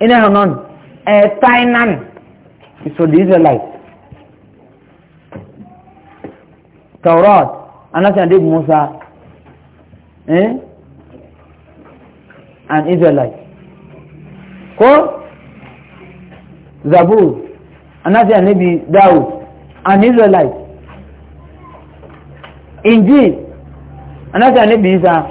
in e, a non a tainan so the israelites taurat anasi and musa eh and israelites ko zabur anasi and nabi daud and israelites injil anasi and nabi isa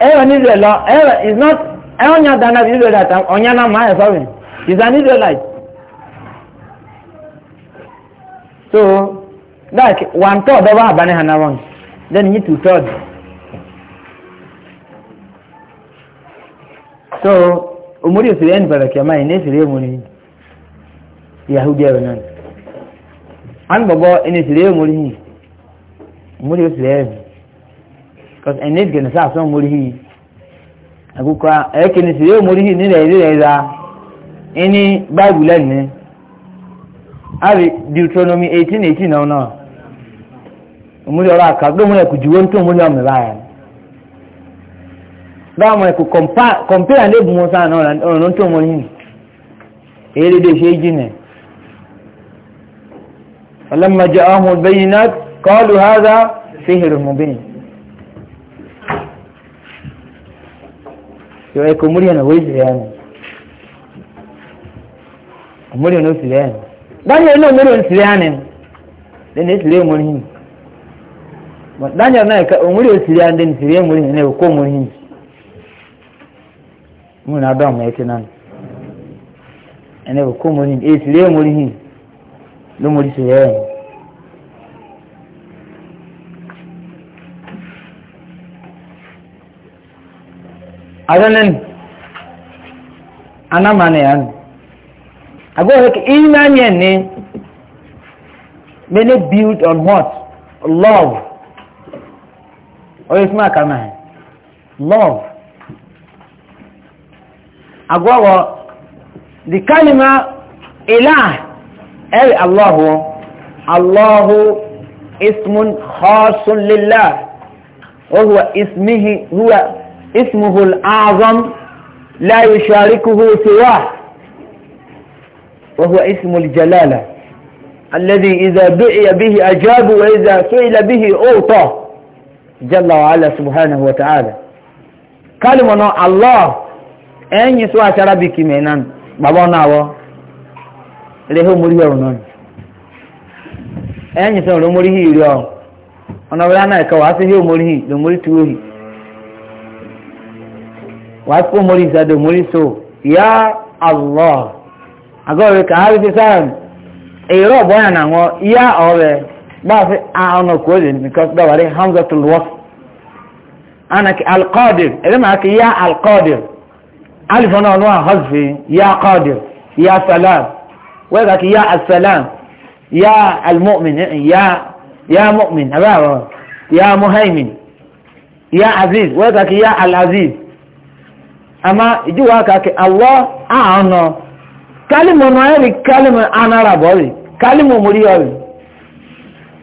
everyone israel e, is not Eh, onye dana bụ israelite onye na ma esori is an israelite so like one third ọba abani ha na one then you two third so omori osiri ẹni bẹrẹ kẹma yìí n'esiri emori yahudi ẹrọ náà an bọbọ yìí omori osiri ebe because ẹni esiri so sáà omori yìí. àkókò ẹ̀ẹ́kìnì sí yóò mórí yìí nílẹ̀ ilé ẹ̀dá ẹni báìbù lẹ́nu àbí deuteronomy eighteen eighteen náà náà òmùlẹ̀ ọ̀rọ̀ àká gbọ́mọ̀ ẹ̀kú jùwọ́ ní tó òmùlẹ̀ ọ̀mẹ̀ báyìí báwọn ẹ̀kú kọ̀mpẹ́rà ní èbùmọ̀ sáà náà ọ̀rọ̀ tó òmùlẹ̀ yìí èyí lédè ṣe é jìnà ọlọ́mọdé ọ̀hún bẹ́yìn náà kọ́ọ̀lù hádà fihìrì mùbíyìn yọ ẹkọ múlíọ̀ náà wọ́n ìsìlẹ̀ yẹn múlíọ̀ náà ìsìlẹ̀ yẹn daniel náà múlíọ̀ ìsìlẹ̀ yẹn lẹ́nu ìsìlẹ̀ múlíọ̀ daniel náà ẹ̀ka múlíọ̀ ìsìlẹ̀ yẹn lẹ́nu ìsìlẹ̀ múlíọ̀ náà ẹ̀kọ́ múlíọ̀ mu na dɔn mɛ tena no ɛnɛ bɛ kɔ mɔni esire mɔni hin lomori sire yɛ azanin anamane yan ago ke iman yen ni many built on what love o isma kana love ago wa the kalima ilah ay allah allah ismun khasun lillah وهو اسمه هو اسمه الأعظم لا يشاركه سواه وهو اسم الجلالة الذي إذا دعي به أجاب وإذا سئل به أوطى جل وعلا سبحانه وتعالى كلمنا الله أين سوى شربك منان بابا ناوى له مريه ونان أين سوى لمريه يريه ونبرانا يكواسه مريه لمريه توهي wàá kó mórí ìsàdò mórí so ya allah agọ́rẹ̀ kàárì fi sáàrùn èrò ọ̀bọ̀nyà nà wọ́n ya ọ̀rẹ́ bá fi ọ̀nà kò lè nìkan dáwàrí hamzatul wọ́f anaki alqadir ẹ̀rẹ́ màá kí ya alqadir alifọ̀nà ọ̀nà àhọ́sì ya qadir ya salam wẹ́ẹ̀ka kí ya asalam ya almu'min ya ya abẹ́ àwọn ya muhaimin ya aziz wẹ́ẹ̀ka kí ya alaziz ama ijuwa aka ke Allah a ono kalimo no eri kalimo anara bori kalimo muri ori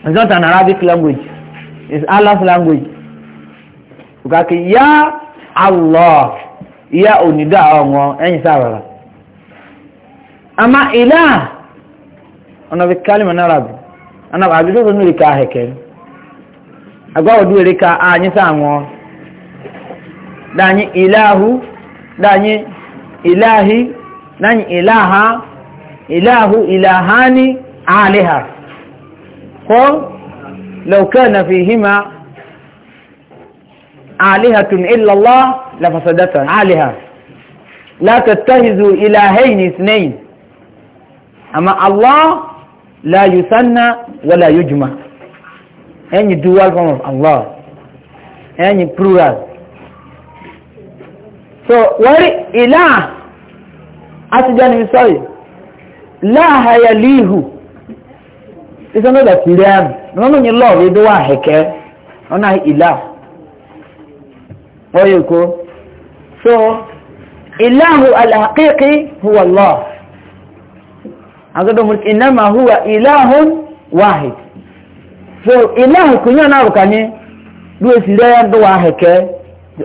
it's not an Arabic language it's Allah's language ka ke ya Allah ya onida onwo enyi sawara ama ila ono bi kalimo na Arabic ana ba bi do nuri ka heke agwa odi ere ka anyi sawo danyi ilahu danyi ilahi nanyi ilaha ilahu ilahani aliha ko لو كان فيهما آلهة إلا الله لفسدتا آلهة لا تتخذوا إلهين اثنين أما الله لا يثنى ولا يجمع any dual form of Allah any plural so wari ilaa asijani misori Laha yalihu liihu isa no da tiriam no no nyi love do wa heke ona ila oyeko so ilahu alhaqiqi huwa allah agado mulk inma huwa ilahun wahid so ilahu kunyana rukani duwe sire do wa heke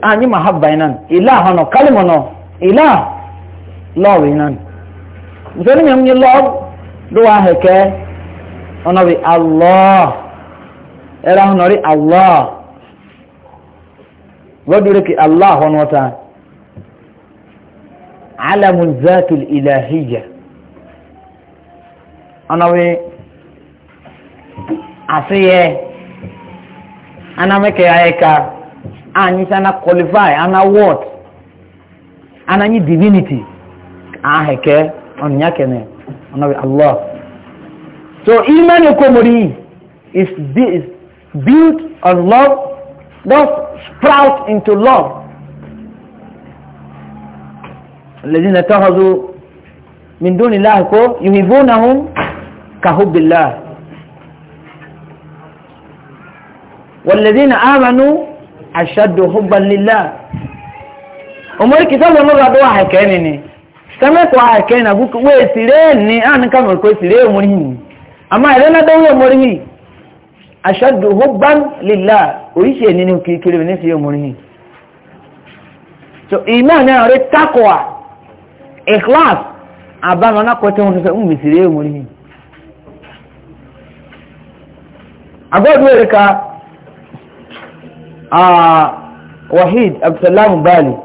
anyi mahabba inan ilah hono kalimo no ilah love inan musoni mi ngi love do wa heke ono bi allah era hono ri allah wadure ki allah hono ta علم الذات الإلهية أنا وي أسيه أنا مكي أيكا And anyị ana qualify and award and anyị divinity aheke ah, ọnyịnya kene ọnọbi allah so iman ekomori is built on love thus sprout into love الذين اتخذوا من دون الله كو يحبونهم كحب الله والذين آمنوا ashaddu hubban lillah umar kitabu mun radu wa hakani ne kama ko hakani na buku we sire ni an ah, kama ko sire murhi amma idan na dawo murhi ashaddu hubban lillah oise ni ni kikire ni fi murhi so iman na re takwa ikhlas abama na ko tun so um sire murhi agodo reka آه، وحيد عبد السلام بالي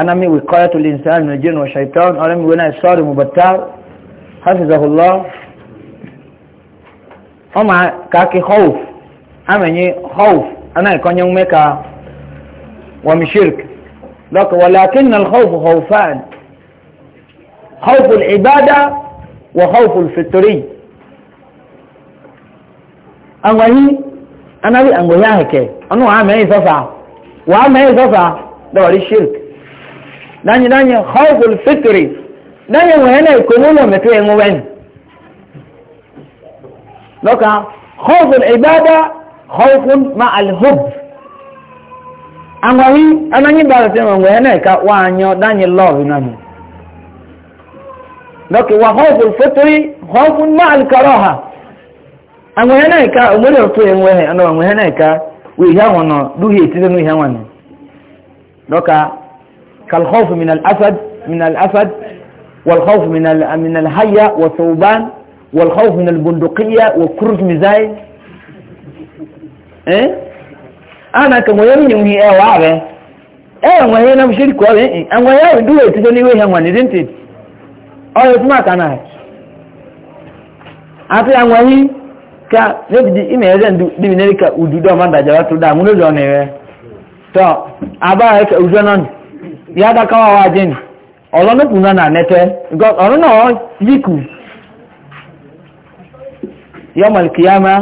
أنا مي وقاية الإنسان من الجن والشيطان أنا مي وناي الصارم مبتار حفظه الله أما كاكي خوف أما ني خوف أنا يكون يوم ميكا ومشرك لك ولكن الخوف خوفان خوف العبادة وخوف الفطري أما هي anabi angoya heke anu wa mai wa mai sasa da wari shirk danyi danyi khawful fitri danyi wa yana ko mu mu to ibada khawfun ma al hub anwawi ananyi ba se mo ka wa anyo danyi love nani wa khawful fitri khawfun ma al àwọn ẹ̀nà ìka ògbọ́dọ̀ fún ẹ̀wọ̀n ẹ̀ ọ̀nà àwọn ẹ̀nà ìka wò ìyá wọn nọ lórí ètí nínú ìyá wọn ni lọ́ka kalhofu minal asad minal asad walhofu minal minal haya wa sauban walhofu minal bundukiya wa kurus mizai eh ana ka mo yemi ni mu e wa e mo na shiri ko be an wa ya du e ti ni we he wan ni didn't it o yo tuma kana ka n'ebidi ime eze ndu dibi n'eri ka udu dọ ma daja watu da mu n'ụzọ n'ewe tọ aba ka uzo nọ ya da kawa wa jin ọlọ n'okwu nọ na nete ọrụ na ọ yiku e ya maliki ya ma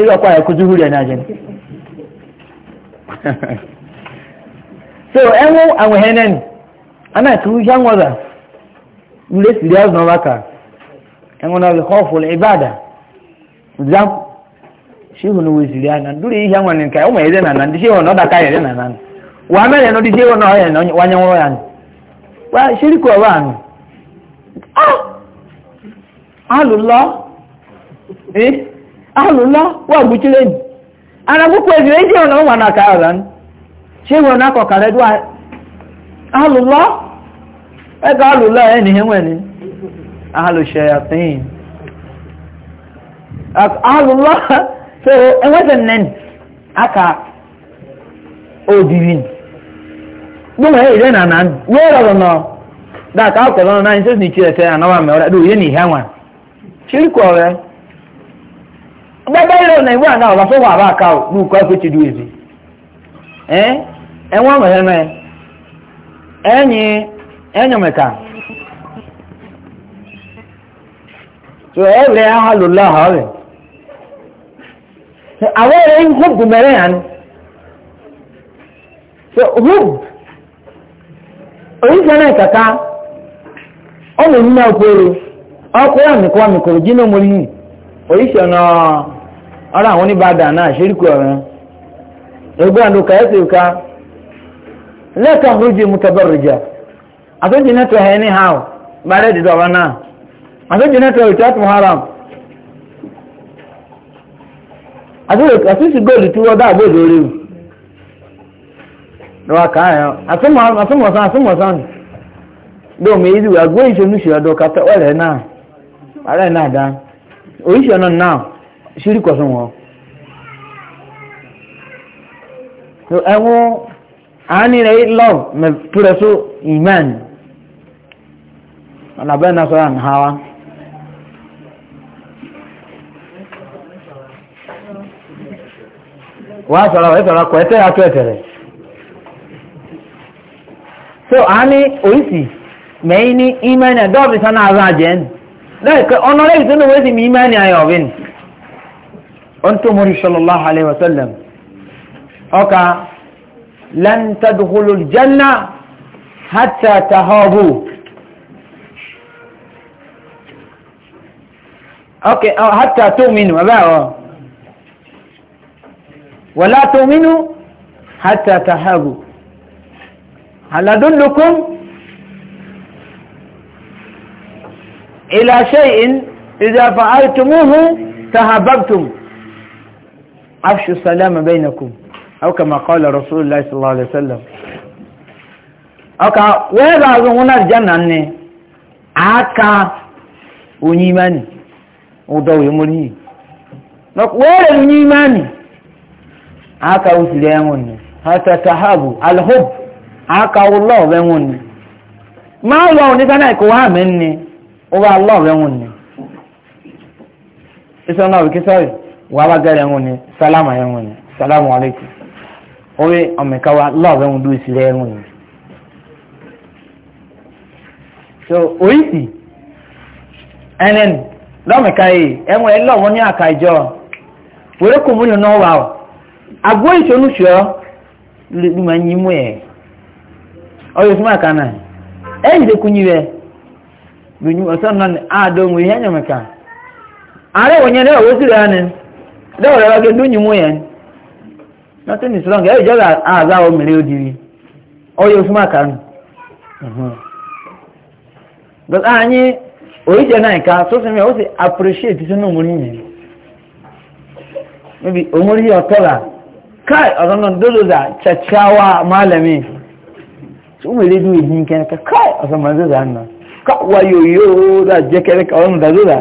ịzọkwa e ya kuzi huri e na jin so enwu anwehenen ana ka uhi anwụza mgbe esiri azụ n'ọbaka enwu na ọlụ kọfụl ibada zam shehu na weziri anya duri ihe nwanne nke ụmụ eze na na ndị shehu na ọ daka ere na na wa mere no ndị shehu ah! na ọya na wanye nwụrụ ya wa shiriku ọwa anụ alụlọ eh alụlọ wa gbuchire ni ara gbukwu ezire ndị na ụmụ na aka ọra shehu na akọkara dua alụlọ ega alụlọ ya na ihe nwere ahụ shehu ya Allah so enwesịrị nen aka odiri dum eh? ha ire na nan wee rọrọ nọ akwụkwọ na nse si chi ese anọwa ma ọrịa dị na ihe anwa chirikwa ọrịa gbẹgbẹ ilé ọ̀nà aka ha so awere in hub mere ya no so hub oyin sana kaka ọmọ ìnú náà kúrò ọkùnrin àmìkọ àmìkọ jìnnà mọ́rí yìí oríṣẹ́ ọ̀nà ọ̀rọ̀ àwọn oníbàdàn náà ṣeríkù ọ̀rọ̀ ẹgbẹ́ àdó kàyẹ́sì ká lẹ́ẹ̀kan rújì mú tẹ́bọ̀rìjà àtúnjì nẹ́tọ̀ ẹ̀ haram àtúntò àtúntò góòlù tí wọ́n dáàbò lórí o lọ́wọ́ kàá yẹn àtúmọ̀sán san lóòmù yìí wà gbé ìṣonúṣe ọ̀dọ̀ kàtà ọ̀rẹ́ náà ààrẹ náà dá oríṣi ọ̀nà náà ṣírí kọ̀sán wọn. ẹ̀wọ̀n àání rẹ̀ lọ mẹ́túrẹ́sọ ìmẹ́ẹ̀nì ọ̀nà bẹ́ẹ̀ náà sọ̀rọ̀ àná wọ́n á sọ̀rọ̀ ìsọ̀rọ̀ kọ̀ ẹ̀tẹ́ àtọ́ ẹ̀tẹ̀rẹ̀ so a ní orísì mẹ́yìn ní imani dọ́ọ̀bì sánà àrùn àjẹ́ ní lẹ́ẹ̀kẹ́ ọ̀nà lẹ́yìn tó ní wọ́n sì mí imani ayọ̀ ọ̀bí ni ọ̀n tó mọ̀rí sọlọ́lá alẹ́ wasallam ọkà lẹ́ntàdùkúlù jẹ́nà hàtà tàhọ́bù ọkà hàtà tó mìnú ẹ̀bẹ́ àwọn ولا تؤمنوا حتى تحابوا هل أدلكم إلى شيء إذا فعلتموه تهاببتم أفشوا السلام بينكم أو كما قال رسول الله صلى الله عليه وسلم أوكا ويبا أظن الجنة أكا ونيماني ودوي مريم لك ونيماني aka usiri enwun ni ha tahabu alhub aka love enwun ni ma lọ ni kana ko ha men ni o ba love enwun ni iso na ke sai wa abagara gare enwun ni salama enwun ni salamu alaikum o we o me ka wa love enwun usiri enwun ni so oisi enen lọ́mìka yìí ẹ̀wọ̀n ẹ̀ lọ́wọ́ ní àkàjọ wẹ́rẹ́kùnmùnú náà wà ó agwọ ìṣonú ṣọ lè bí ma nyi mú ẹ ọyọ fún àkànnà ẹ yìí ya kúnyí rẹ lóyún ọsán náà àádọ́mù ihe ẹ̀yàn mẹ́ka ààrẹ wọ̀nyẹn náà wọ́n sì rẹ̀ ni lọ́wọ́ oríṣẹ́ náà ó sì appreciate sínú maybe kai a zangon dodo da caccawa malami su mai zai duwe jini kenan ka kai a zaman zai da hannun ka wayoyo da jekere ka wani da zuwa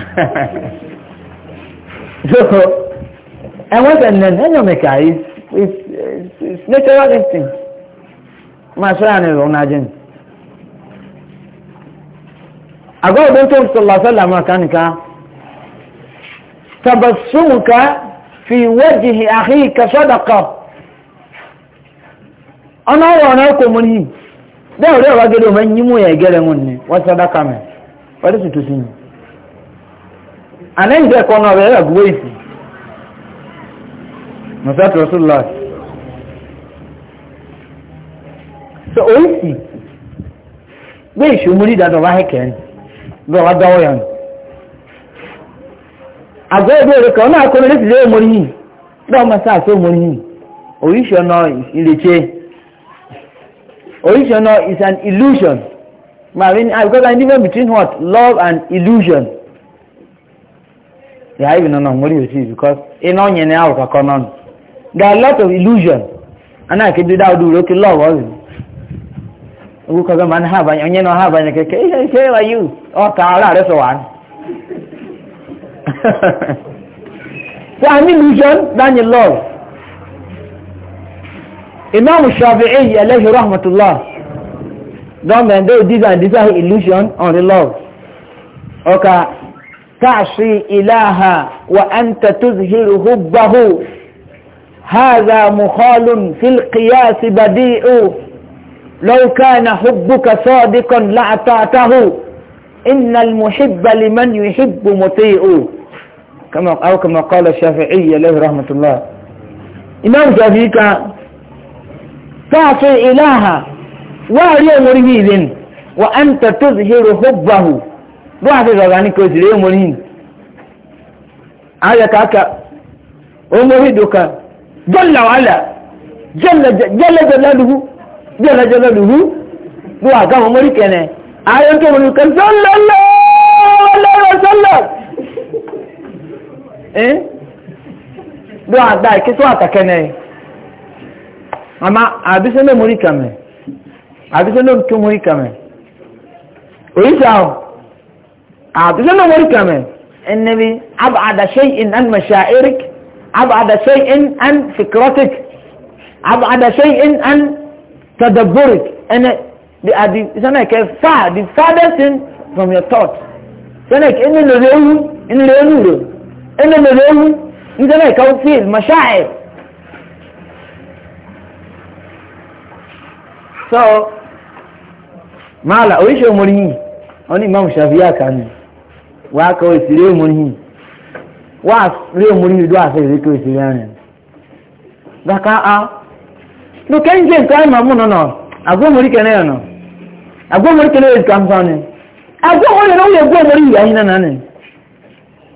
so and what and then hanyar mai kayi it's natural instinct masu ranar zauna jini a gwamnatin sallallahu alaihi wasallam kanika تبسمك في وجه أخيك صدقة أنا وأنا مني ده ده وجد من يمو يجري مني وصدقة من وليس تسيني أنا إذا كنا بيلا قويسي مسات رسول الله so oisi gbé ìṣòmórí ìdájọ́ wáhẹ́kẹ́ ń lọ́wọ́ dáwọ́ yẹn àgọ́ èdè rẹ̀ kan náà kọ́ni létí léè mórí yìí tí wọ́n máa sáà tó mórí yìí oríṣi ọ̀nà ìrètí oríṣi ọ̀nà is an illusion marine ah because i even between what love and illusion yàrá ìbí nínú mórí yóò because iná yẹn ní àwòkọ́ kan náà there are a lot of illusion ana akéde dáwọ́dù lókè love ọ̀rẹ́ owó kan gbọ́n máa ń hà báyìí ọ̀nyẹ́ náà hà báyìí kẹ́kẹ́ ṣe ṣe wáyé ọ̀tá ara rẹ̀ sọ wà ní so an illusion than a love imam shafi'i alayhi rahmatullah don men do this and this illusion on the love okay تعصي إلها وأنت تظهر حبه هذا مخال في القياس بديء لو كان حبك صادقا لأطعته إن المحب لمن يحب مطيء كما أو كما قال الشافعي له رحمة الله إمام شافعي تعطي إلها وعلي مريد وأنت تظهر حبه روح في غاني ليه مريد هذا كاكا ومريدك جل وعلا جل جل جلاله جل جلاله روح كان مريد كان آية كان جل الله الله وسلم eh do ada ke so atakene ama abise me muri kame abise no mtu muri kame oisao abise no muri kame النبي أبعد شيء عن مشاعرك أبعد شيء عن فكرتك أبعد شيء عن تدبرك أنا دي سنة كيف far the farthest thing from your thoughts سنة إن اللي إن اللي ẹnna mẹrẹ ewu ndé náà ìka so maala oríṣi omori yìí wọn ní imam shafiya kanu wà á kọ re omori yìí wà a rí omori yìí ló àṣẹ ìrékè daka a lókè ń jẹ ma ẹ̀ma mú nọ àgọ́ omori kẹ́nẹ́ ya nọ àgọ́ omori na ya kàn ni omori yẹn ló yẹ gbọ́ omori na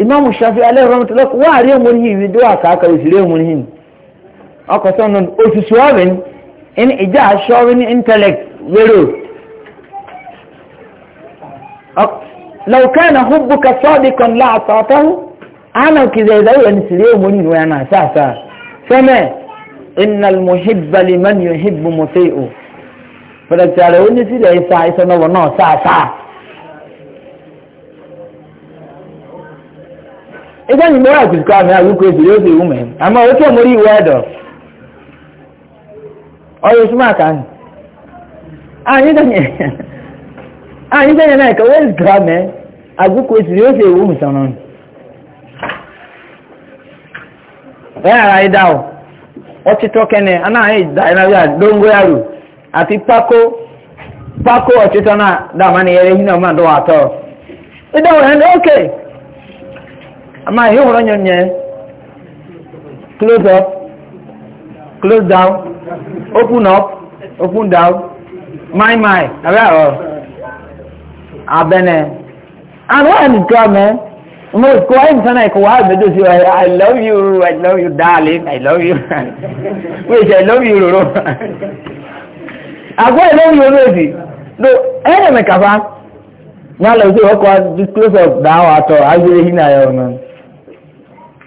imam shafi alayhi rahmatullah wa ari murhi video aka aka isire murhi aka san o su waben in ija showing intellect wero ak law kana hubbuka zero لو كان حبك صادقا لا اعطاته انا كذا يدعو ان سيريو منين وانا ساسا سمع ان المحب لمن يحب مطيع فلا تعالوا ان سيريو ساسا ونو ساسا ịgwa anyị mgbe ha jikọ ahụ agụkọ ebiri oge iwu mee ama oke omori iwu adọ ọrụ esu maka anyị anyị danye anyị danye na ka wee zikọ agụkọ ebiri oge iwu mesara ọnụ ẹ ara ẹ dá kẹ́ni anáhìn ìdáyẹnáwó àdóńgó yàrá àti pákó pákó ọtítọ́ náà dàmánìyẹrẹ yìí náà máa dọ́wọ́ àtọ́ ìdáwọ̀ ẹ̀ ń ama ihe hụrụ onye onye close up close down open up open down my my abịa ọ abene ah, and why am I man mo ko ayi nsa na ikowa abe do si i love you i love you darling i love you wait i love you roro agwa i love you roro si no ẹnẹ eh, mẹkafa nyalo si ọkọ disclose of dawa atọ azere hin ayọ náà.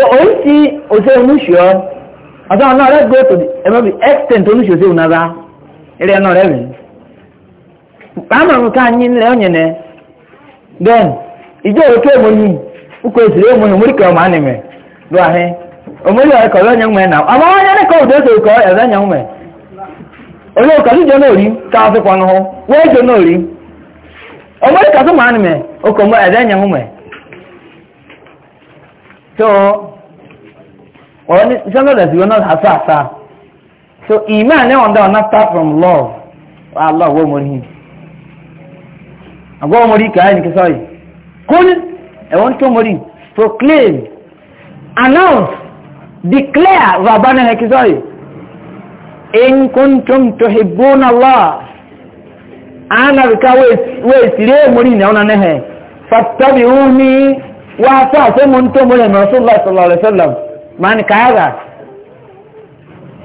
so òun ti òṣè oníṣòó ọ̀sán ọ̀nà rẹ̀ gbé tòdì ẹ̀mọ́ bí extent oníṣòó sí òun ara eré ẹ̀nà rẹ̀ rìn pàmò àwọn ká yín lẹ́yìn ọ̀yẹ̀ nẹ then ìjọ oke èmo yìí ukò èsì rẹ̀ èmo yìí omúríkẹ́ ọmọ ànìmẹ̀ lọ ahẹ́ omúrí ọ̀rẹ́kọ̀ ọ̀rẹ́ ọ̀nyẹ́ mẹ́ náà ọmọ wọn yẹn kọ́ òdó èso ìkọ́ ẹ̀rẹ́ ọ̀nyẹ́ mẹ́ olú kàdújọ náà rí káwọn fi pọnú hó wọ́n jọ náà rí omúríkà tó mọ̀ ànìmẹ̀ okòmọ́ ẹ̀rẹ́ ọ̀nyẹ́ mẹ́ tó or something that you are not hasa hasa so iman ne wanda wana start from love ah, allah wo mori go mori ka eh, ni kisai. Kun, kul e won to mori proclaim announce declare wa bana kisai. ke sai in kuntum tuhibbuna allah ana ka we we sire mori ne ona ne he fattabi'uni wa ta'tumun to mori rasulullah sallallahu alaihi wasallam mani kayaga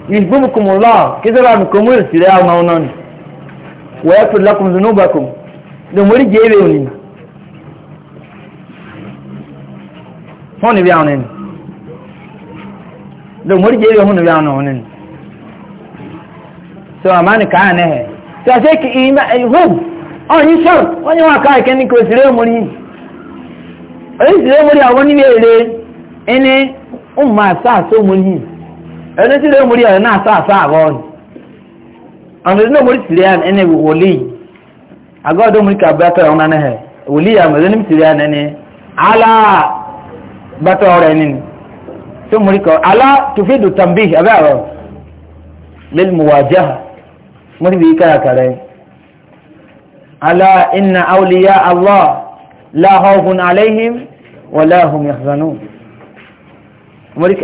yihbumukum allah kizaba mukumul sira maunon wa yaghfir lakum dhunubakum do muri jebe oni honi bi awnen do muri jebe honi bi awnen so amani kaya ne he so ase ki ima hum oni shar oni wa kaya kenin ko sira muri oni sira muri awoni bi ele ene ń máa sáàsó mo yìí ẹni tí lóò mórí ọ̀rẹ́ náà sáàsó àbọ̀ ọ̀nì ọ̀nà tí lóò mórí sìrìàn ẹni wòlí agọ́dọ̀ mórí kà bẹ́tọ̀ ọ̀hún náà hẹ̀ wòlí àmọ̀dé ní sìrìàn ẹni alá bẹ́tọ̀ ọ̀rẹ́ ẹni tó mórí kọ alá tùfídù tàmbí abẹ́ àrọ̀ lẹ́nu mùwàjá mórí bí kárakára yìí alá iná àwòlíyá allah láhọ́hùn aláìhìm wọ́láhùn yàtọ̀ náà mori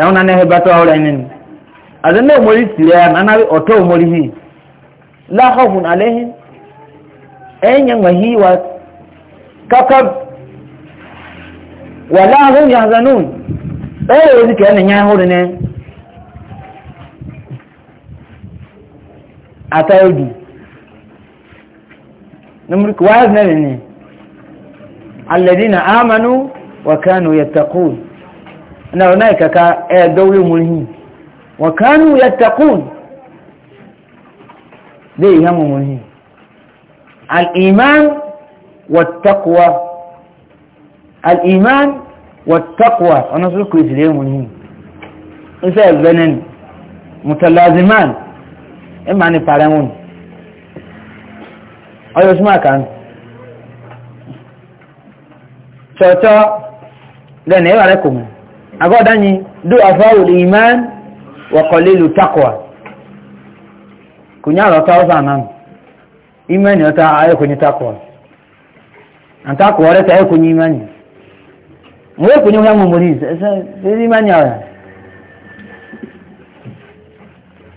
ẹ̀hún náà ẹ̀hẹ́ bàtọ́ ọ̀rọ̀ ẹ̀yìn ni àti e e e náà mori tìlẹ̀ àná ọ̀tọ́ mori hì láhọ̀hùn àlẹ́hìn ẹ̀yìn yẹn wà hí wa kákàb wà láhùn yàzanún ẹ̀yìn òsì kẹ́ ẹ̀nìyàn ẹ̀hún ni àtàwọ̀dù نمرك وازنا لني الذين آمنوا وكانوا يتقون na onai kaka e gawe mulhi wa kanu yattaqun dai yamu mulhi al iman wat taqwa al iman wat taqwa ona su ku isle mulhi isa banan mutalaziman imma ni paramun ayo sma kan dan lene wala kuma agọ́dá ni dó àfáwò lè imán wọ̀kọ̀lé lù takwa kò ní àrọ̀ táwọ́sà náà imán ni ọta takwa an takwa rẹ̀ ta ayẹ́kò ní imán ni mo yẹ́ kò ní wọ́n mọ̀ ní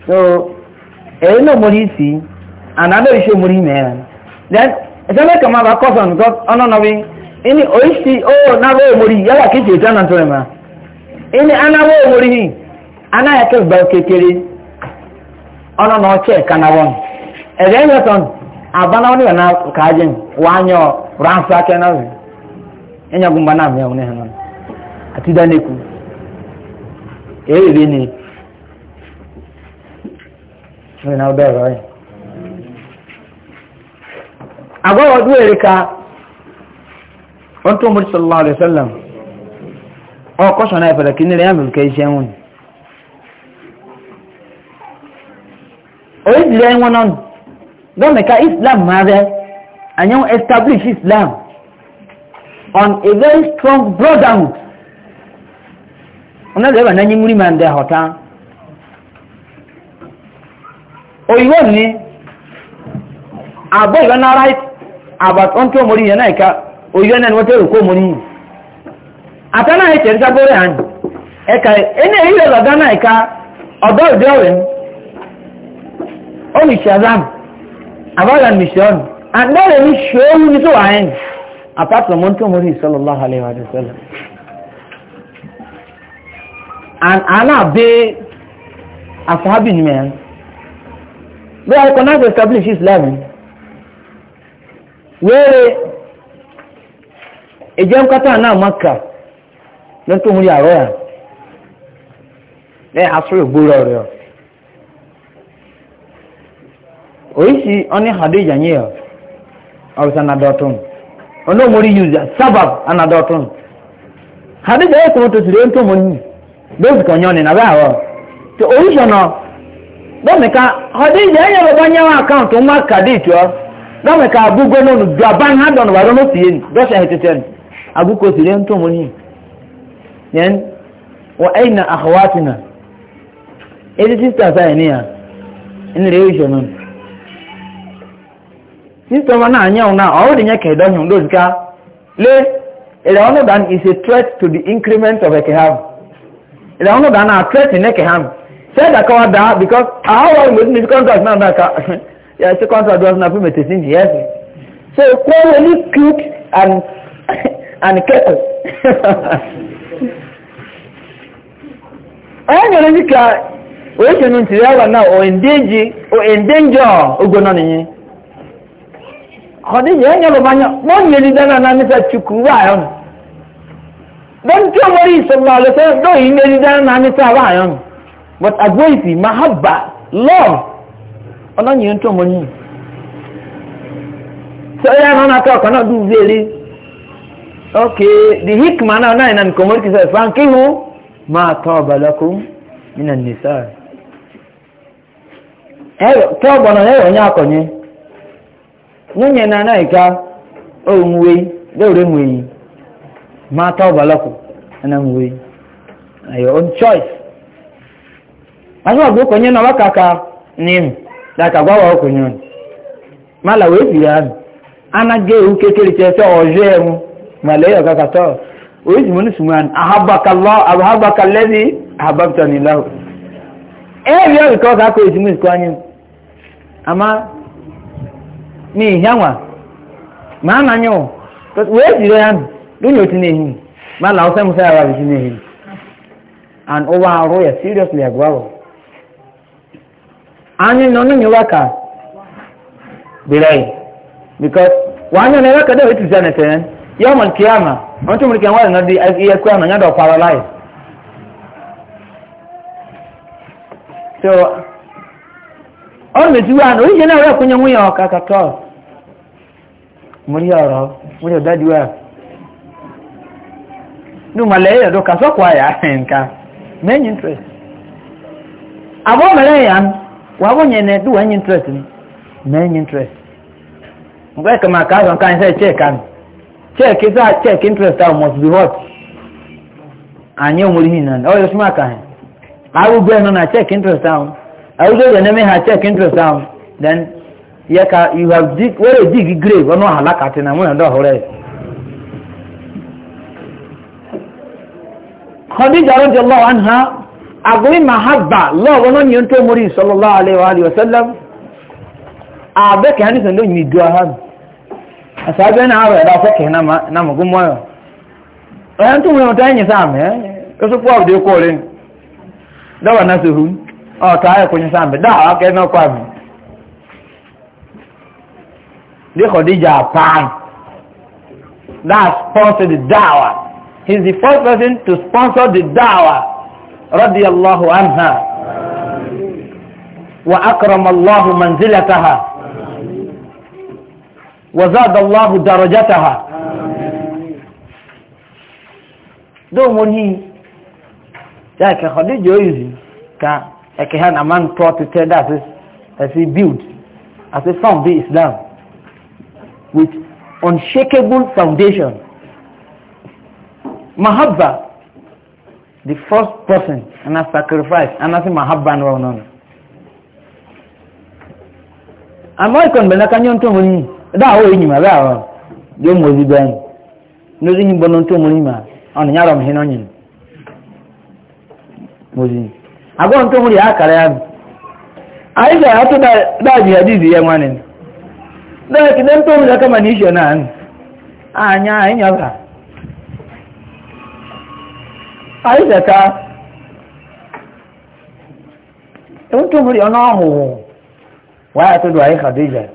so èyí náà mọ̀ and sí ànádọ́ iṣẹ́ mọ̀ then ẹ̀sẹ̀ mẹ́kànmá bá kọ́sàn ọ̀nà náà wí ní oríṣi ó náà wọ́n mọ̀ ní yálà kéjì ìtàn náà tó rẹ̀ ini anawo omorihi anaya ke ba kekere ono na abana na kajin wanyo ransa ke na we enya gumba na me one hanon atida neku ere ni we na obe roi agwa odu erika onto muri sallallahu alaihi wasallam ọkọ̀ṣọ̀ náà ìfẹ̀lẹ̀ kí nílẹ̀ yàmù kẹ́ iṣẹ́ wọn orílẹ̀ ẹ̀wọ̀n náà ka islam máa rẹ̀ àyẹ̀wò establish islam on a very strong brotherhood ọ̀nà ìrẹ̀wà náà yí múrí máa ń dẹ ọ̀tá òyìnbó ní àbọ̀ ìrọ̀nà right about ohun tí ó mórí yẹn náà ìka òyìnbó náà atana he cherisa bore anyi eka ene ile loga na eka odo dorin and there ni show ayin apart from onto sallallahu alaihi wa and ana be ashabi ni men they are establish islam where ejem kata na lọ́n tó ń rí àárọ̀ yà lẹ́yìn asúrò gbóòrò rẹ̀ oríṣi ọ́ní àdó ìjànyẹ́ ọ̀ ọ̀rùsà nàdọ̀tún ọ̀nà òmórí yùzà sábàb ànàdọ̀tún àdó ìjànyẹ́ kò tó sílẹ̀ tó mọ̀ ní bẹ́ẹ̀sì kan yọ̀nì nàbẹ́ àwọ̀ tó oríṣi ọ̀nà dọ́mìka àdó ìjànyẹ́ àkáǹtì yẹn wọ ẹyìn na àhọwàtì na ẹdí sísítà sáyẹn níyà ẹni rẹ yóò nù sísítà wọn náà yẹn wọn náà ọwọ́ dìnyẹ kẹ̀dọ́ yẹn lóòdì ká lé ìdá wọn dàn is a threat to the increment of ẹkẹhàm ìdá wọn dàn náà threat ní ẹkẹhàm sẹ́dà káwá dáa because àhọwà ìgbésí ní contract náà náà ká yẹ ṣe contract wọn náà fún mẹtẹsí ní yẹn so kọ́ wọlé cute and and careful. onye nyere dịka onye chere ntiri aba na oendenjo ogo nọ n'inye ọdịnye onye lụba anya ma onye lidana na nisa chukwu ụgbọ ayọ nọ don tí ọmọ rí ìsọgbà ọlọsọ lóyìn ilé lidana na nisa aba ayọ nọ but agboisi mahaba love ọlọ́nyìn tó mọ nìyí sọ yẹn náà nàkọ náà dùn bí eré ok the hikman náà náà ìnànìkọ̀mọ́rìkì ما طاب na من النساء ايوه طاب انا ايوه نيا كوني نوني نانا ايكا او موي nwunye موي ما طاب لكم nwunye موي ايوه own choice aso ko nyena ka nim daka gwa wa ko nyon mala wee bi an ana ewu u kekere che se oje oríṣi mọ́ ní ṣùgbọ́n àhábàkàlọ́ àhábàkàlẹ́bí àhábàkà ní ẹ̀rí ọ̀rí kọ́ kákó ìsinmi ìsìnkú anyi àmá ní ìhíàwà máa nà nyẹ́ ọ̀ wèé rẹ̀ yánu lónìí ó ti ní máa musa yàrá rẹ̀ sí ní èyí and ó wá seriously àgbáwọ̀ anyi nọ ní ìwà ká yìí because wàá ní ẹ̀rọ kẹ́dẹ́ yọọ mọ kíámà wọn tún mú kí wọn rìn di iye kíámà yẹn dọ paralyze so ọdún mi ti wá ní oríṣi náà rẹ kún yẹn wúyàn ọkà kàtọ mo ní ọrọ mo ní ọdájú main interest àbọ̀ mẹ́rẹ̀ yẹn wà bọ̀ yẹn interest ni main interest mo fẹ́ kàmá kàṣọ nǹkan ẹ̀ check is that check interest that must be what anya omuri hinan oh yes ma kan awu gbe no na check interest down awu gbe na me ha check interest down then ya ka you have dig where you dig grave ono halaka tena mo ndo hore khadija radhiyallahu anha agri mahabba lo wono oh, nyi nto muri sallallahu alaihi wa alihi wasallam abeka hani sendo nyi dua hanu asabe na aro da ko ke na ma na mugumo yo ran tu mo tanye same eh so kwa de ko le da wa na suhu o ta ya kunye same da ke na kwa mi de khadija pan that sponsored the dawah he's the first person to sponsor the dawah radiyallahu anha wa akrama Allah manzilataha وزاد الله درجتها دومني ذاك خديجه يزي كا اكهان امان taught to tell us as he built as with unshakable foundation mahabba the first person and a sacrifice and as mahabba no no amoy kon benaka nyon to muni dáwọ́ ìyìnmọ̀ bẹ́ẹ̀ àwọn yóò mọ̀ sí bẹ́ẹ̀ ní orí yìnbọn ní tó mú ní mà ọ̀nà ìyá rọ̀ mìíràn yìí mọ̀ sí àgọ́ tó mú rí àkàrà yà àìsà àti dáàjì àdìsí yẹn wọn ni bẹ́ẹ̀ kì tó mú náà ni àyà ká tó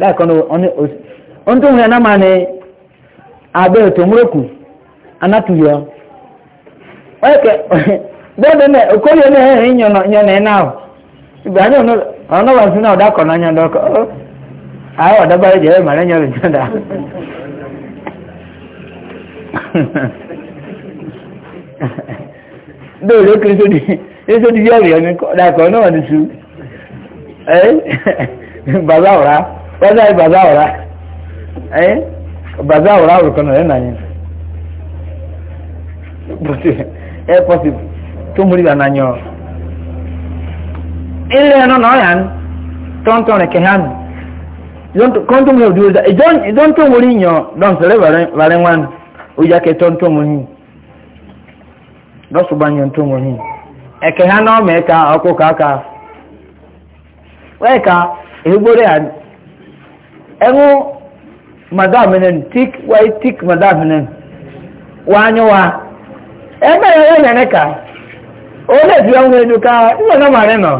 láìkọ́ ní ọ̀nà òsì ohun tó ń rìn anáma ni abẹ́ ètò múròkù anátúyọ ọ̀ẹ́kẹ́ bẹ́ẹ̀ ni okòyè náà ẹ̀rín yànnà ẹ̀ ìgbà ní ọ̀nà wà náà ọ̀dàkọ̀ bàbá ọ̀rá. wọ́n yìí bàzá ọ̀rá ẹ́ bàzá ọ̀rá òrùkan náà ẹ̀nà yẹn tó múrí yọ. ilé ẹ̀nà náà yàn tọ́ntọ́n rẹ̀ kọ́ntọ́n rẹ̀ òdúró tó múrí wọn kẹ́ tọ́ntọ́n tó ọkọ̀ àdé. ẹ̀wọ̀n madam nínú tik wáyé tik madam nínú wáyé wá ẹ̀mẹ́ ẹ̀rẹ́ yẹn ká òun fi ọmọ ẹnu ká ìwọ̀n náà màrí nà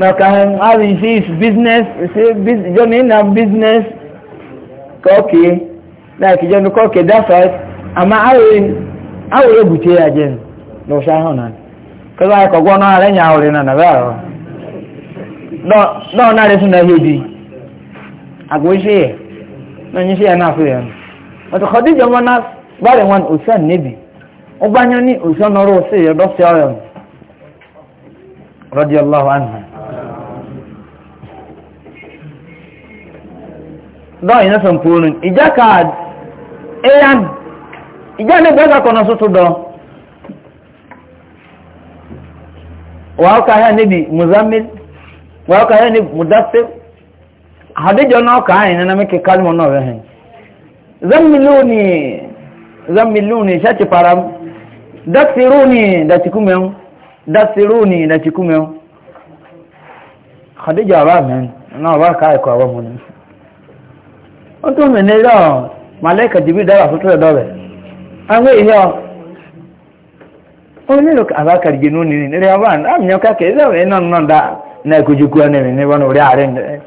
nà ká how you see his business ṣe na business kọ́ọ̀kì like johnny kọ́ọ̀kì that's right àmà àwòrán èbùté yà jẹ́ lọ́sàn hàn náà kọ́lá ẹ̀kọ́ gbọ́n náà rẹ̀ náà náà rẹ̀ náà agwai shi na nyi shi ya na so ya wato khadija ma na bare wan usan nebi o ni usan no ro se ya do se ayo radiyallahu anha do ina san pulun ijaka eyan ijane bega kono sutu do wa ọka ya nebi muzammil wa ọka ya nebi mudaffir na hadijọ náà kà áyìn nínú mẹ́kẹ́ kálímọ̀ náà rẹ̀ hìn zammiluni zammiluni ṣẹ́ẹ̀tì param dasiruni datikumẹ́un dasiruni datikumẹ́un hadijọ àbá mẹ́rin náà bá ká ẹ̀kọ́ àwọn ọmọ ní ó tún mi nílẹ̀ ọ̀ màlẹ́kà jìbí dára fún tó ẹ̀dọ́ rẹ̀ àwọn èèyàn ó nílò àbákàrí na nínú nílẹ̀ àbá àmì ọkà kẹ́ẹ̀ẹ́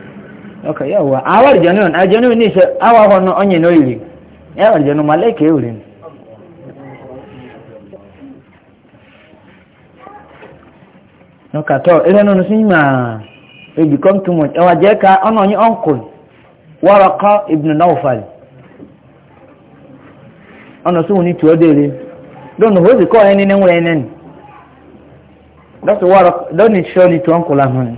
Ok yà wà àwọn àjẹnú àjẹnú ní ìṣe àwọn ọ̀hún ọ̀nyẹ̀ náà yìí yà wà àjẹnú màlẹ́kẹ̀ ẹ̀ wòlé. ọkà tọ ẹ̀rọ nínú it become too much ẹ̀wà jẹ́ ká ọ̀nà ọ̀nyẹ̀ ọ̀nkùn wọ́rọ̀kọ́ ibùdó náà fàlẹ̀ ọ̀nà sóhun ní tùọ́ délé lónà ó sì kọ́ ẹni níwọ̀n ẹni dọ́tí waraka don't need to show uncle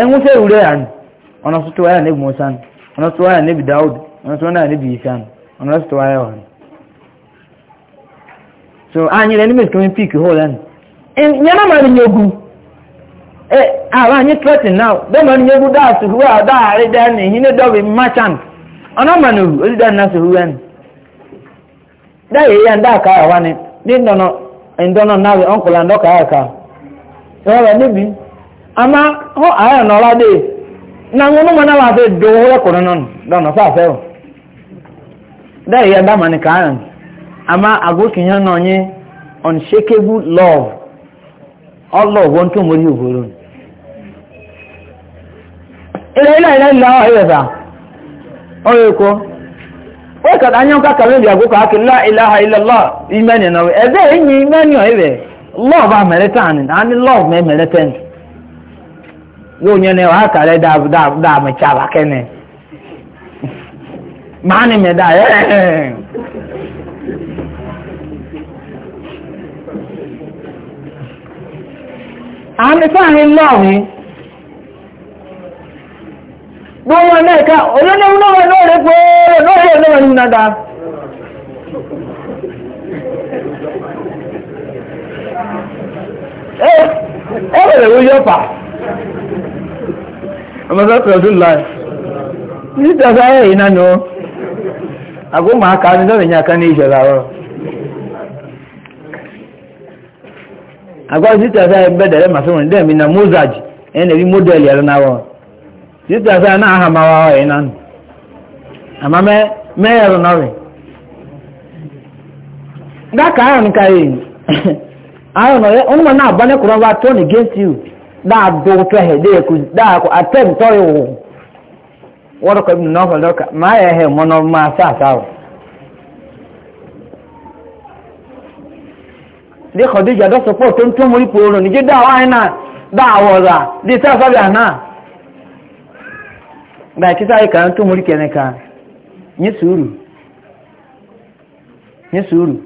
ẹ̀hún sẹ́ ìwúrẹ́ ọ̀nà tó wáyà níbi musa ọ̀nà tó wáyà níbi daoud ọ̀nà tó wáyà níbi isa ọ̀nà tó wáyà so anyị na enemies coming pick hole ẹni nyere ma ni nyogu ẹ àwọn anyị threaten now bẹ́ẹ̀ ma ni nyogu dáa sùhú à dáa àrí dáa ní ìhìn ní dọ́bì merchant ọ̀nà ma ni òhù òsì dáa ní náà sùhú ẹni. dáa yẹ ya ndáa kaa àwa ni ní ama hɔ ayɛ nɔla de na ŋunu mana wa se do wɔyɛ kɔnɔ da dɔnɔ fa fɛ o dɛ yɛ dama ni ama agokin yɛn nɔ nye unshakable love ɔlɔ wɔn tó mori òhoro ilẹ̀ ilẹ̀ ilẹ̀ ilẹ̀ ọ̀ ayɛ sa ɔyɛ kɔ wọ́n kàtà anyọ́ ká kàwé ìdí enyi yóò nyɛ ne wàá kàlẹ́ dàá dàá dàá mi tsa wà kẹ́nẹ̀ màá ni mi dàá yẹ́n. àmì fáàrin lọ́ọ̀mí gbogbo ẹ̀mẹ́ẹ̀ká olóníwú lọ́wọ́ lóòrè pẹ́ẹ́rẹ́ lóòrè lọ́wọ́ nínú dada ẹ ẹ wẹ̀rẹ̀ wọ́n ọmọdé ọdún lọ ní ìtọ́sọ ayé yìí náà nù ó ní lọ́rọ̀ ìyá ní ìṣẹ̀lẹ̀ àwọ̀ àgọ́ ìtọ́sọ ayé bẹ́ẹ̀ dẹ̀rẹ́ màsí wọn dẹ́mi na mozart ẹni ẹ̀rí mọ́dẹ̀lì ẹ̀rọ náà wọ̀ ìtọ́sọ náà hàmà wà náà nù àmà mẹ́ẹ̀rọ náà rẹ̀ dákàá àrùn káyé àrùn ọ̀rẹ́ ọ̀nùmọ̀ náà daa dugta hede ku daa ku atem toyo wara ko ibn nawfal dorka ma ya he sa saw de khadija do so po ton ton mori po no ni je daa wa na da wo da de sa sa ya na da suru ni suru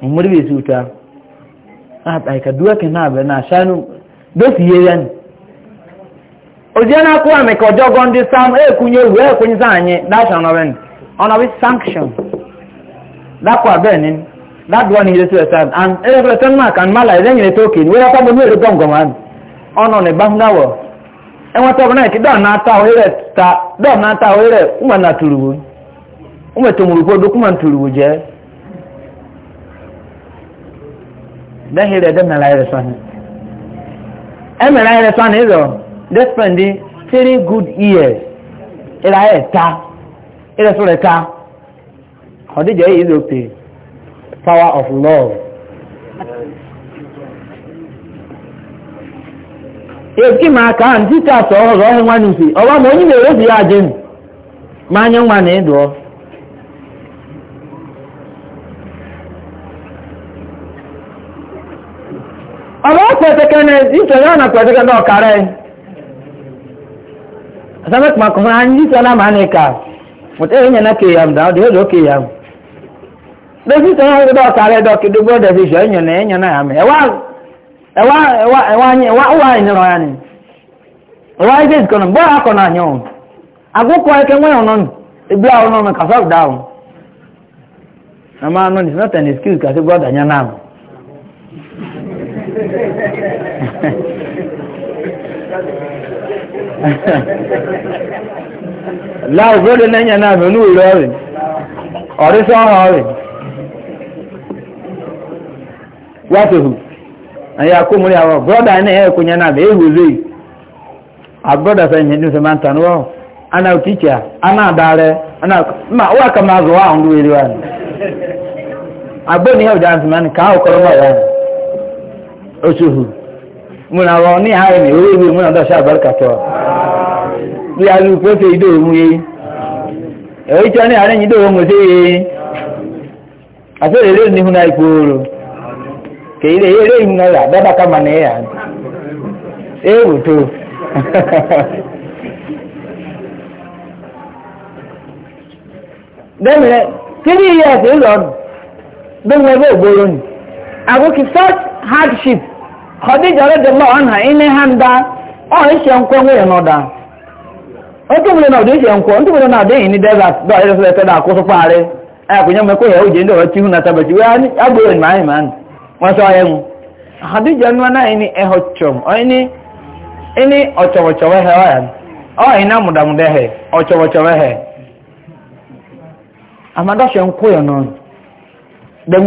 mori be àtàkàdúwẹ́ kì na bẹ̀rẹ̀ na ṣánú lófì yé yẹn ya ẹ̀nà kó àmì kọjọ́ ọjọgọ ndị sam èkúnyé ìwé e sáàyè dáṣà ọ̀nà rẹ̀ ọ̀nà wí sanction and ẹ̀rọ ìfẹ́ tẹ́nu náà kàn máa láì lẹ́yìn ètò òkè níwé lápá gbogbo èrè gbọ̀ngàn wá ọ̀nà ní banglawo ẹ̀wọ̀n tó ọ̀nà ìkí dọ́ọ̀ náà ta òhèrè dahiri ẹdẹ mẹra ẹrẹ sọ ni ẹ mẹra ẹrẹ sọ ni three good years ẹrẹ ayẹ eh, ta ẹrẹ sọ eh, ta eh, pe power of love èkì máa kà á ní títà sọ ọ̀rọ̀ ọ̀hún wá ma ìsì ọ̀rọ̀ ọmọ onímọ̀ ọ̀rọ̀ pẹ̀tẹ̀kẹ́ ní ìṣẹ̀lẹ̀ ọ̀nà pẹ̀tẹ̀kẹ́ náà kàrẹ́ asámẹ́kùnmá kan fún àyín sọ́nà máa ní ìka mọ̀tẹ́ ìyẹn náà kéèyàn dáa ọdún yóò kéèyàn lójú sọ́nà ọdún náà kàrẹ́ dọ́kì dúgbò anyị anyị láwù gbọ́dọ̀ lẹ́yìn náà mi olúwo rẹ̀ ọ̀rí sọ́hàn rẹ̀ wátòhù ẹ̀yà kómúrí àwọn brọ́dà ní ẹ̀kọ́ yẹn náà bẹ́ẹ̀ wò lóyìí sẹ́yìn ní sọ tàn wọ́n ana òtíkìá ana àwọn àti mẹ́rin káà oṣooṣù múna wọn ní ààrẹ ní orí ìwé múna dọ́ṣà àbárkàtọ̀ bí a lù pé ìdó òun yé èyí tí wọ́n ní ààrẹ ìdó òun sí yé àtẹ́rẹ̀ lè ní húnà ìpòòrò kèyí lè eré ìhúnà rà dábà kama ní ẹ̀yà éwò tó dẹ́mìrẹ́ kí ní iye ẹ̀sìn lọ́nù dẹ́mìrẹ́ bó gbóró ni àbúkí first hardship khadija radiyallahu anha ine handa o ishe nkwo nwere n'ọda otu mgbe na ọdụ ishe nkwo otu mgbe na adịghị ni desert dọọ ịrịsị lete da akwụsị kwarị ya oje ndị ọchị hụ na tabachi wee agbụrụ enyi anyị khadija nwa na ini eho chọm ini he ọ ina he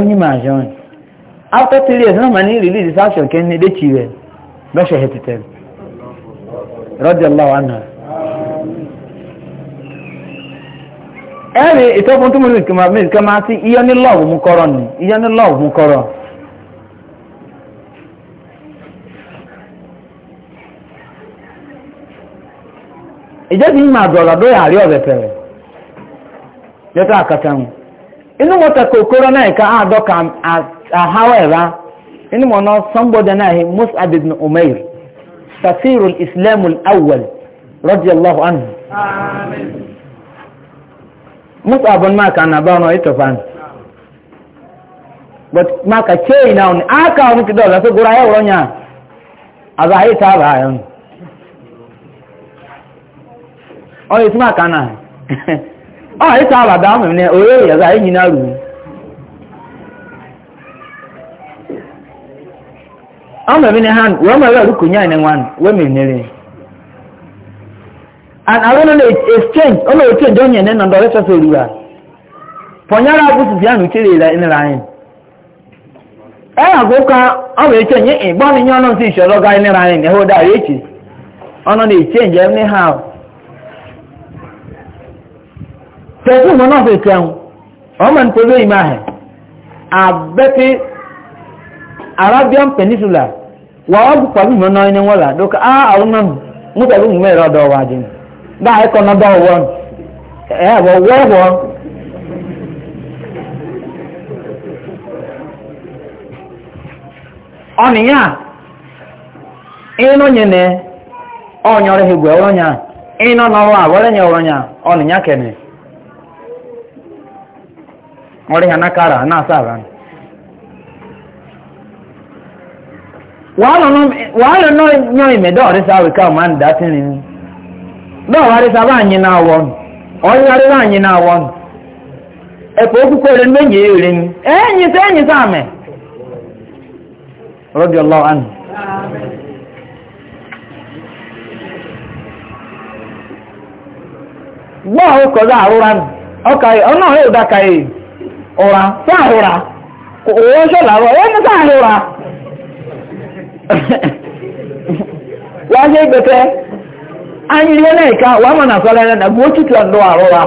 he ma after three years náà mani release his action kẹ́ni ilé tì rẹ̀ lọ́sẹ̀ hẹ́tìtẹ́ rọ́díọ̀láwà náà ẹ̀rì ìtọ́fún tó múlùú kìmọ̀ mí kẹ́mà sí iye ní lọ́ọ̀bù mú kọ́rọ̀ ni iye ní lọ́ọ̀bù mú kọ́rọ̀ ìjẹ́ ti ń mà dọ̀rọ̀ dóyà àrí ọ̀rẹ̀ tẹ̀rẹ̀ àkàtà inu mota kokoro na ka adoka a however inu mo no somebody na he mus'ab ibn umair سفير الإسلام الأول رضي الله عنه آمين مصعب ما كان بانو يتفان but ما كشيء ناون آكا ونك دولا سيقول هيا ورنيا أزاهي تابع يون أو يسمع كانا ah ịta abada ahụ na oye ya za enyi na ruru ama mene han wo ma ru kunya ne wan nere an na exchange ono exchange onye ne na ndo resa so ponyara abusu bia no chere ila ina ran eh agoka o me exchange e gba ni ga ina ne da na exchange em ni tẹ̀sí ìwọ̀n náà fèsì ẹ̀hún ọmọ ní ime ahịa ahẹ̀ abẹ́tí arabian peninsula wà wọ́n bu pàbí ìmọ̀ náà wọ́n là dókè á àrùn náà mú pẹ̀lú ìmọ̀ ẹ̀rọ ọ̀dọ̀ wà jẹun dáa ẹ̀kọ́ náà dọ̀ wọ́n ẹ̀ wọ́ ọrịa anakara na-asaba wàhálà náà yan ìmẹ̀dọ́ ọ̀rẹ́sà wíkà ọmọ àǹdá tí ni bẹ́ẹ̀ wà rẹ́sà bá yín náà wọ́n ọ̀yìn arẹ́ bá yín náà wọ́n ẹ̀pọ̀ òkúkọ rẹ̀ méjì m. ni ẹ̀yìn tẹ́ ẹ̀yìn sáàmẹ̀ rọ́bì ọlọ́wọ́ àná. gbọ́ àwọn kọ̀ọ̀dọ̀ àrúra ọkà ọ̀nà ọ̀rẹ́ ìdákàyè. ora, sáàrùrà òwò ṣọ́làrọ̀ wọ́n ní sáàrùrà wọ́n ṣe ìgbẹ̀tẹ́ anyìnlẹ́ náà ìka wọ́n mọ̀ náà sọ́lẹ̀ náà gbọ́ títí ọ̀dọ́ àrọ́ra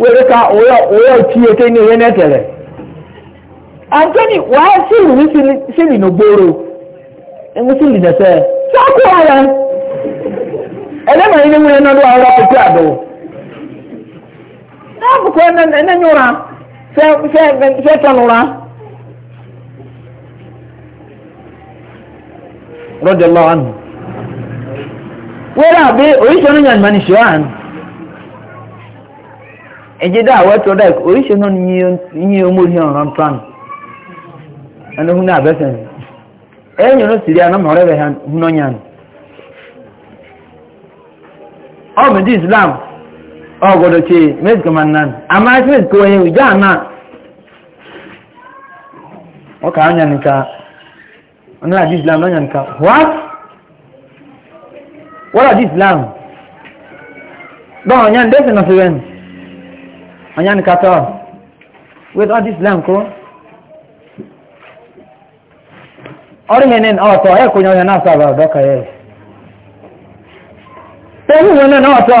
were ka òwò tí ètè ní ìwé nẹ́tẹ̀rẹ̀ antoni wàá sí ìrùwí sílì nògbòrò ẹ̀mú sílì nẹ̀sẹ̀ sáàkó ara ẹlẹ́mọ̀ ilé wúrẹ́ náà lọ́wọ́ ọ̀rọ̀ ọ̀kú àdọ̀wọ̀ ọmọ kọ ẹnẹ nyura sẹ sẹ sẹ tẹnura. rọjò lọ ànú wẹ́rẹ́ àbí oríṣi oníyàn mọ́ni ṣe wà ní. ẹ̀jẹ̀ dá àwọn ẹ̀tọ́ dá oríṣi náà ní ọmọ orí ọ̀rọ̀ ń tán ẹni hún náà bẹ́sẹ̀ ní. ẹ̀yìn ló sì rí aná mọ̀ọ́rẹ́ rẹ̀ hún náà yàn. ọ̀mìdí islam ọgọdọ ce mezi kama nan amma shi mezi kowa yau ja na ọka anya nika wani adi islam anya nika what what adi islam don anya ndesi na siren anya nika tọ with adi islam ko ọrụ menen ọtọ ya kwenye onye na-asa abara dọka ya pẹ̀lú ìwọ̀n náà ọ̀tọ́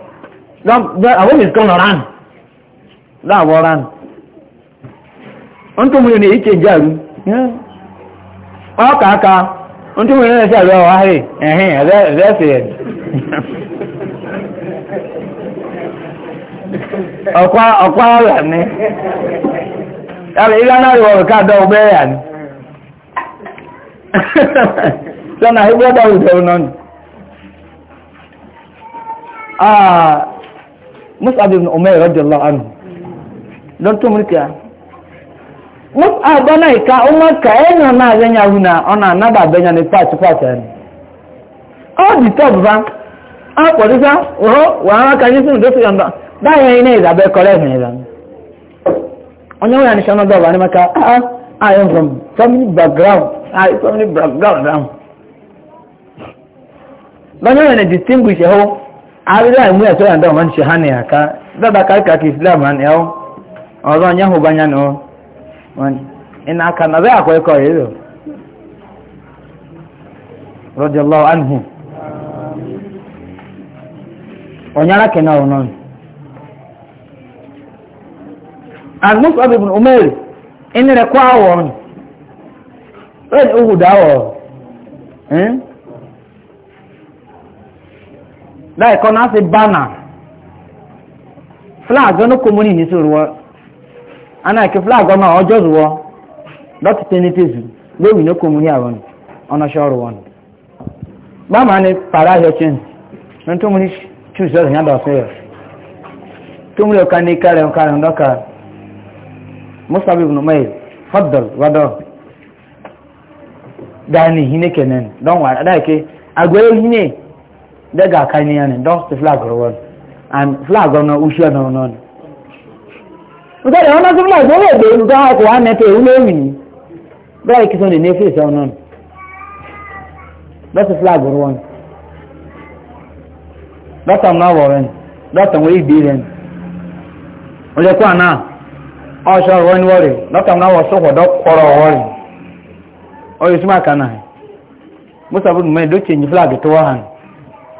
àwọn mi kan lọ́ran láàwọ̀ ran wọ́n tó múlò ní èyí tẹ̀ jàrú ọkàáka wọ́n tó múlò ní ẹ̀sẹ̀ rẹ̀ wáhẹ̀ ẹ̀hìn ẹ̀rẹ́fẹ̀ ọ̀pá rẹ̀ ní ìlànà ìwọ̀rọ̀ káàdọ̀ ọgbẹ́ rẹ̀ ní lọ́nà ìgbọ́dọ̀ ìdẹ̀rù náà mus'ab ibn umair radiyallahu anhu don to mulkiya mus'ab bana ka umma ka ena na zenya huna ona na ba benya ni pat pat en o di top ba a ko disa o wa ma ka nisun do so yanda da yen ni da be ni da onye wa ni do ba ni ah, ah i am from family background i family na distinguish ho abdullahi mu ya tsaya da ndọrọ shi hane haka da da kai ka islam an yau ọzọ nya na za ko ko yido radiyallahu anhu onyara ke na onon an musab ibn umair ị kwa ọrụ. láìkọ́ náà sí bánà flag ọ̀nà kòmúnì ní sòrò wọ́ anáìkí flag ọ̀nà ọjọ́ ìwọ́ lọ́tí tẹ́nítẹ́sù lórí ní kòmúnì àwọn ọ̀nà wọn gbáma ni para hẹ́chín ní tó múni choose ọ̀rọ̀ yàndọ̀ fẹ́yọ̀ tó múni ọ̀ka ní kẹrẹ̀ ọ̀kàrẹ̀ ọ̀dọ́ka musabi ibn umayr fadal wadọ́ dani hinekenen don wa adáìkí agbẹ́rẹ́ they ga aka ni yani dust flag ro and flag on ushu no no no we oh, dey on the flag we dey we go ko an te u le mi bra ki so ni ne face on no flag ro on am now wo ren am we bi ren o le ko ana o so ro ni wori am na so ko koro wori o yusu ma kana musa bu me do change flag to wa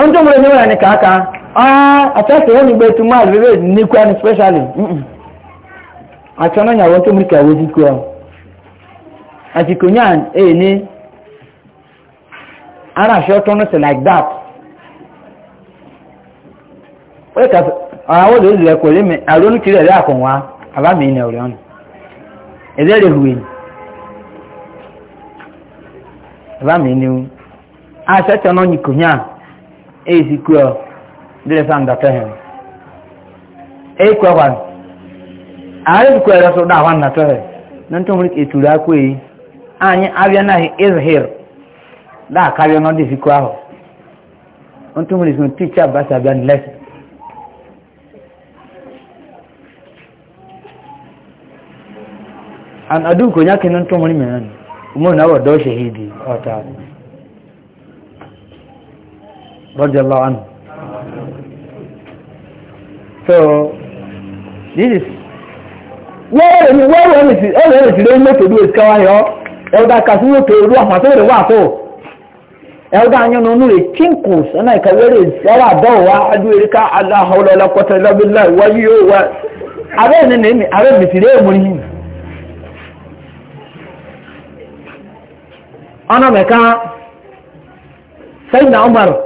ọjọ́ mọ̀rẹ́ ní wọ́n kàákà àtẹ́sẹ̀ wọ́n ní gbé tó máa rẹ̀ ní kú ẹni àti ọ̀nà ìyàwó tó kàwé ọ àti kò ní àn èyí ní ara onye onye ní like that ó yẹ kàfẹ́ àwọn olè ìlẹ̀ kò onye mi àrùn olùkiri ẹ̀rẹ́ àkànwá àbámi ilẹ̀ ọ̀rẹ́ ọ̀nà ẹ̀rẹ́ rẹ̀ hùwẹ̀ àbámi ní àn ezikwa dịrị sa ndata ha ekwe kwan so da wan nato ha nan to eturu akwa anyị abịa na izhir da karịa n'ọdị zikwa ahụ ntụ muri sun basa bịa lesson an adu ko na wa do shahidi o ta radiyallahu anhu so this is wọ́ọ̀rọ̀ ni wọ́ọ̀rọ̀ ni ti ọ̀rọ̀ ni ti lóyún mẹ́tò bí òsìkà wáyọ̀ ẹ̀wọ̀dà kàtí yóò tó rú àfàtẹ́rẹ̀ wà tó ẹ̀wọ̀dà anyọ́nà onú rẹ̀ kínkùs ẹ̀nà ìkàwérè ẹ̀wà bọ́ọ̀ wá adú eríkà aláhọ́lọ́lá pọ́tẹ́ lọ́bílá wáyé yóò wá abẹ́ ni nìyí abẹ́ mi ti rẹ̀ mú yìí ọ̀nà mẹ́ka sẹ́yìn náà ọmọ rẹ̀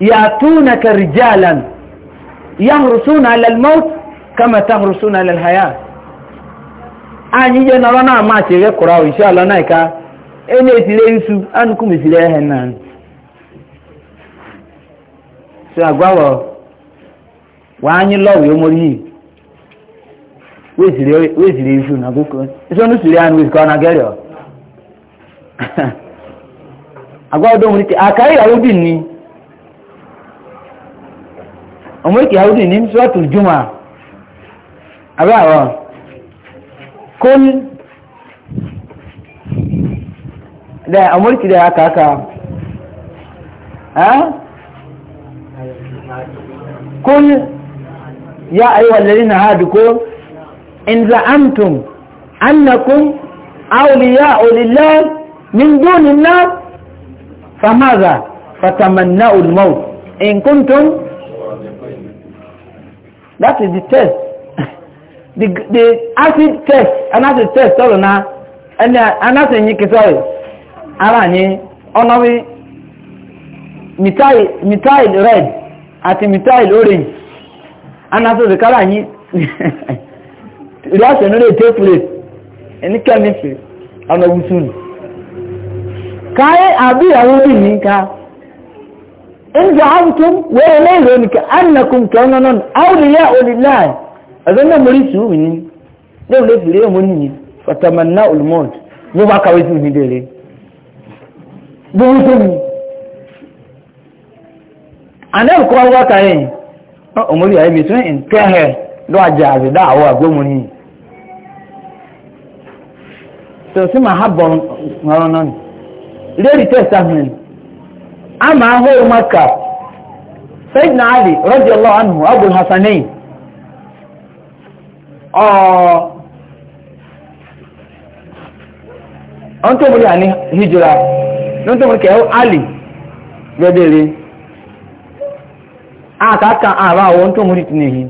يأتونك رجالا يهرسون على الموت كما تهرسون على الحياة anyị je na amachi gị kụrụ ahụ isi ala naika e na isu anụkwu mesiri ehe na so agwawọ wa anyị lọwụ omori yi wesiri isu na gụkọ isonu siri anyị wesikọ na gerịọ agwawọ domori aka ịghara obi ni ọmọ ìkè àwùjọ ní sọ́ọ̀tù jùmọ̀ àbẹ́ àwọn kún dẹ ọmọ ìkè dẹ àkàkà kún ya ayyuwa lalin na haɗu ko in za'amtum annakum awliya'u lillah min dunin nas famaza fatamanna'ul maut in kuntum that is the test the acid test and test sọrọ na ẹni anasị ara anyị ọnọbi methyl methyl red àti methyl orange anasị zikara anyị reaction rate take place ẹni chemistry ọ̀nà wùsùn káyé àbí ìyàwó bí mi ka in ja'altum wa ilayhi ka annakum kananun awliya'u lillah azan na muri su ni da le fire mo ni fatamanna ul maut mo ba kawai su ni dele bu su ni anel ko wa ka yin o mo ayi mi tun in ke he do aja da wa go mo ni so si ma habon ngoro testament ama ahụrụ maka sayyidina ali radiyallahu anhu abul hasanain ọ ọ̀n tó múlẹ̀ àní hijira lọ́n tó múlẹ̀ kẹ́ ali gẹ́gẹ́rẹ́ àkàkà àrà àwọn tó múlẹ̀ tì nìyí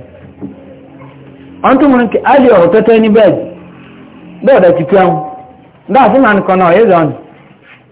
ọ̀n tó múlẹ̀ kẹ́ ali ọ̀rọ̀ tẹ́tẹ́ ní bẹ́ẹ̀ bẹ́ẹ̀ ọ̀dà ti pẹ́ wọn dáàfin na nìkan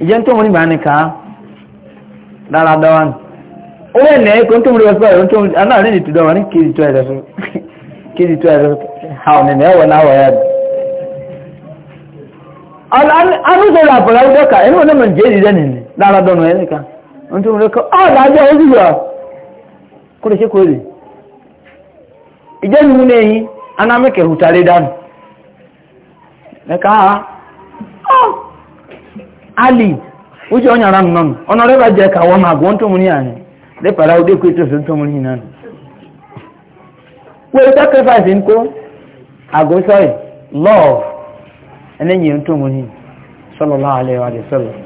ìjẹ́ tó mú ní bàánì ká dáradára ní ó rẹ̀ ní ẹ̀kọ́ tó mú rí ọ̀sọ́ ẹ̀rọ tó mú aláàrin ní ìtìdọ̀ wọn ní kéjì tó ẹ̀rọ kéjì tó ẹ̀rọ ha ọ̀nà ní ẹ̀wọ̀ náà wọ̀nyá bí. anúṣẹ́lẹ̀ àpọ̀lá ọjọ́ ká ẹni wọn mọ̀ jẹ́ ìdíjẹ́ nìyí dáradára ní ẹ̀ka wọn tó mú rí ọkọ̀ ọ̀dà ajọ́ ó sì yọ kó lè ṣe kó lè ìjẹ́ nínú lẹ́yìn anámẹ́kẹ̀ hùtàrí dánù ẹ̀ka ah ali uche onye ara nnọnụ ọnọrịba je ka wọ ma gụọ ntụmụri anyị lepara ụdị kwetụsụ ntụmụri nanị wee sacrifice nkụ agụsọị love enenyi ntụmụri sallallahu alaihi wa sallam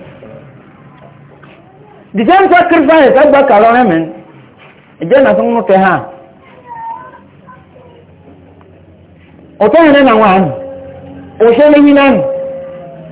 the same sacrifice agbakara remen eje na sọ nnute ha otu ya na nwa ahụ ụsọ n'ehi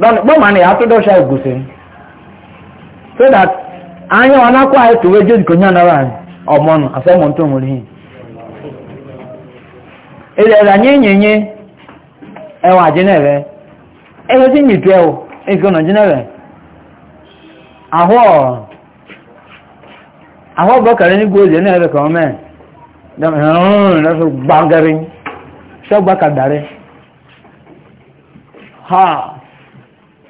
don bọ́ọ̀mà ni àtúndọ̀ ṣá ògùsì so that anyị wọn akọ anyị tụwe jésù kò nyá nara anyị ọmọnụ asọmọntụ nwere ihe ilẹ̀ anyị enyenye ẹwà jẹnẹrẹ ẹgbẹ tí nyìtú ẹwọ ẹgbẹ nà jẹnẹrẹ ahọ ahọ ní gbòòzì ẹnẹrẹ kọ mẹ ẹhún ha.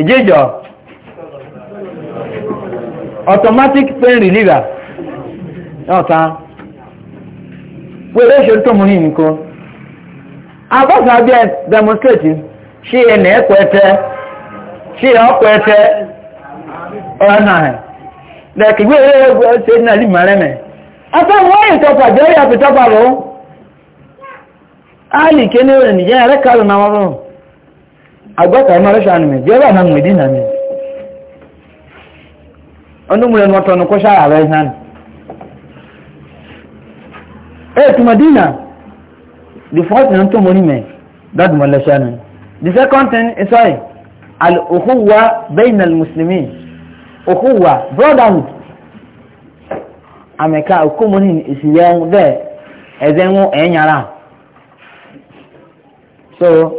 ejejo automatic pain reliever ọ̀tá wẹ́rẹ́ ṣe tó mú ní nǹkan abọ́sà bí ẹ demonstrate ṣe na ẹ̀kọ́ ẹ̀tẹ́ ṣe ọkọ̀ ẹ̀tẹ́ ọ̀nà ẹ̀ lẹ́kì ẹ̀rẹ́ ẹgbẹ́ ṣe ní àlìmọ̀ rẹ̀mẹ̀ afẹ́wọ́ ìtọ́pà jẹ́ ìyàpìtọ́pà lọ́wọ́ agbata ma rashin anime jeba nan mai dina ne wani mulan wata wani kwasha a bai nan eh to madina the first thing to money me that malashan the second thing is why al ukhuwa bain al muslimin ukhuwa brotherhood ameka okomoni isiyan there ezenwo enyara so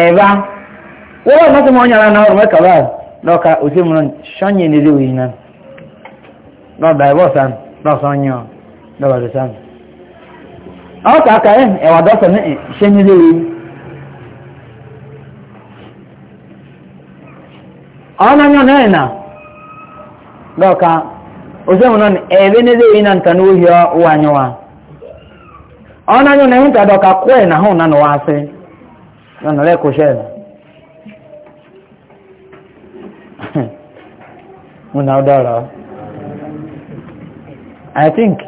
ẹ̀bá wọ́n wọ́n mọ́kún mọ́ nyàrá náà ọ̀rọ̀ báyìí lọ́ka òsèmùrán ṣọ́nyẹ̀ nílé òyìn náà lọ́dà ẹ̀bọ́ sàn lọ́sọ̀nyẹ̀ lọ́wọ́dọ̀ sàn. àwọn kàkà ẹ̀ ẹ̀wà dọ́sọ̀ ní ṣẹ́ nílé náà wọn nà lẹ́kọ̀ọ́ ṣẹ́ ẹ̀ mo nà ó dára i think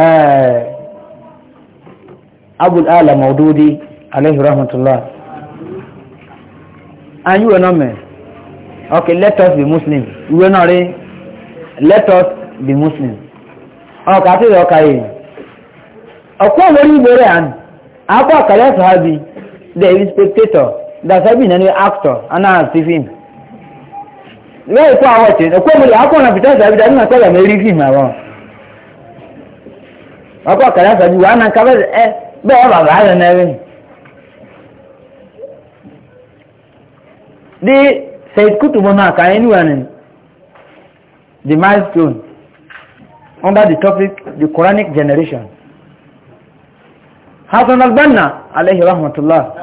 eh, abul ala maududi alayhi rahmatullah and you were not okay let us be muslim you were not let us be muslim ọkà àti ìrọ̀kà yìí ọ̀pọ̀ òwúrọ̀ ìgbèrè àná hapo akalia sahabi the spectator the sahabi nani actor ana stephen leo kwa wote na kwa mwili hapo anapita sahabi ndio kwa ameriki mawa hapo akalia sahabi wana kama eh baba baba na wewe di said kutubu na kaeni wani the milestone under the topic the Quranic generation hasan albanna alayhi rahmatullah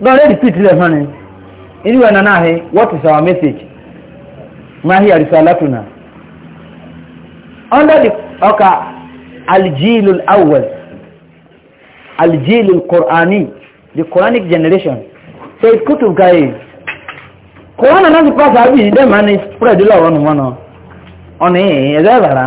don let repeat them honey anyway nana he what is our message ma hiya risalatuna under the okay al-jil al-awwal al-jil al-qur'ani the quranic generation so it could have guys quran another pass abi dem man spread law on one on eh ezara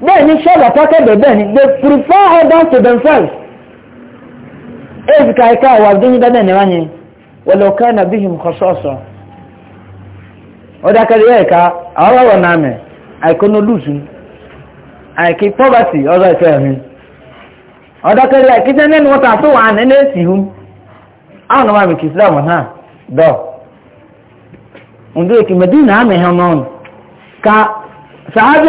bẹ́ẹ̀ ni ṣọ́ọ̀bù pocket bẹ́ẹ̀ they prefer down to themselves. ezika ẹ̀ka àwọn àdúyìn dáadáa ní wáyé wọlé ọ̀ká ẹ̀nà bíhìm kọ́sọ́ọ̀sọ̀ ọ̀dà kẹrìíyà ẹ̀ka àwọn ọ̀rọ̀ náà mẹ́ àìkọ́nà poverty ọ̀rọ̀ ìfẹ́ ẹ̀mí ọ̀dà kẹrìíyà ẹ̀kí sẹ́ni ẹni wọ́n ta àtúwọ̀ àná ẹni èsì hù àwọn ọmọ mi kì í sílámù náà dọ̀ ǹdú èkì mẹ́dínà àmì hàn náà Ka Sahabi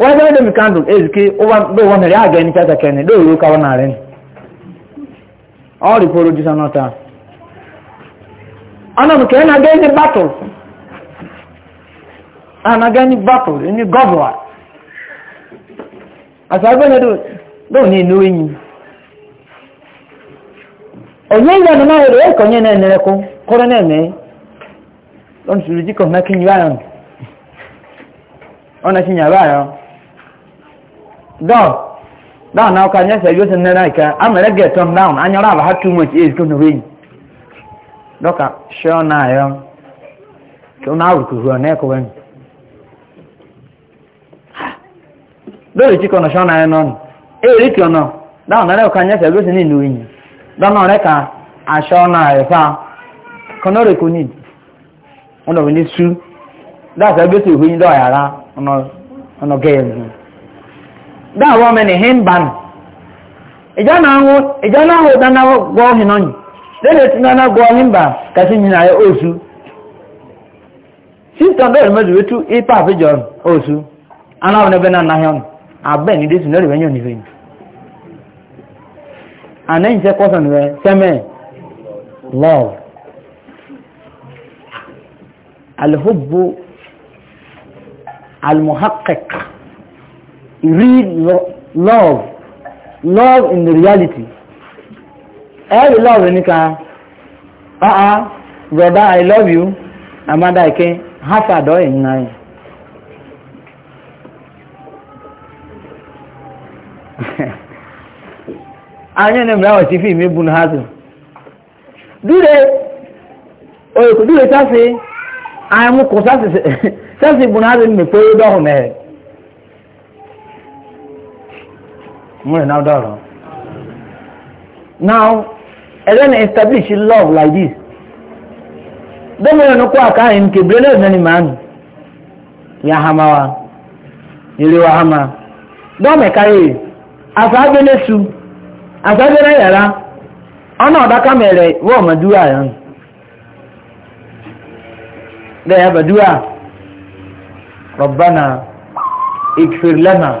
wọ́n fẹ́ lómi kándù ezike lóò wọ́n rẹ̀ àgẹ́ ní tẹ́tẹ̀ kẹ́ni lóò yóò káwọ́ náà rẹ̀ ni all the producers náà ta ọ̀nà kẹ́hìn náà gẹ́ni battle àná gẹ́ni battle ní gọ́vùwà àṣàgbẹ́ ni lóò ní inú yìí òye ìyànà náà rẹ̀ ẹ̀kọ́ yẹn náà nìrẹ́kú kọ́rọ́ náà mẹ́ lọ́nà sùrùjíkọ̀ náà kí ni báyọ̀ na sí dog down now can yes you send like I'm gonna get them down and you'll have too much is going to rain look up sure now yeah so now we could run echo when lórí tí kọ̀nà ṣọ́nà ẹ̀ náà èrí tí ọ̀nà dáhùn náà lẹ́ọ̀kan yẹ́sẹ̀ ló sì ní ìlú ìyìn dáhùn rẹ̀ ka aṣọ́nà ẹ̀fà kọ̀nà rẹ̀ kò ní ọ̀nà òní sú dáhùn sẹ́gbẹ́sì òhun yín dọ̀ yàrá ọ̀nà gẹ̀ẹ́nù dáàwọ́ ọmọ ẹni hìn bá nù ìjọ náà hù ìjọ náà hù dáná gbọ́ ọ̀hìn náà nì lẹ́lẹ̀ tí náà gbọ́ ọ̀hìn bá kàtí nyìnà ayé oṣù sísítọ̀ bẹ́ẹ̀ mẹ́jọ wẹ́tú ipa àfijọ́ oṣù aláwọn alhubu read lo love love in reality every love ni ka ah ah brother i love you amanda ike hafa dọ ẹ̀ nà ẹ̀ anyị na mgbe ahụ si fim ebu na ha so dure oyoko dure sasị anyị mụ kụ sasị sasị bụ na ha so mmepe dọhụ mere More now, one Now, and then establish love like this. Then we know kwa kaa in kibrele e nani man. Ya hamawa. Ili wa hama. Don't make e, a Asabe nesu. Asabe na yara. Ona odaka mere wo madua yan. Da e ya badua. Rabbana اغفر لنا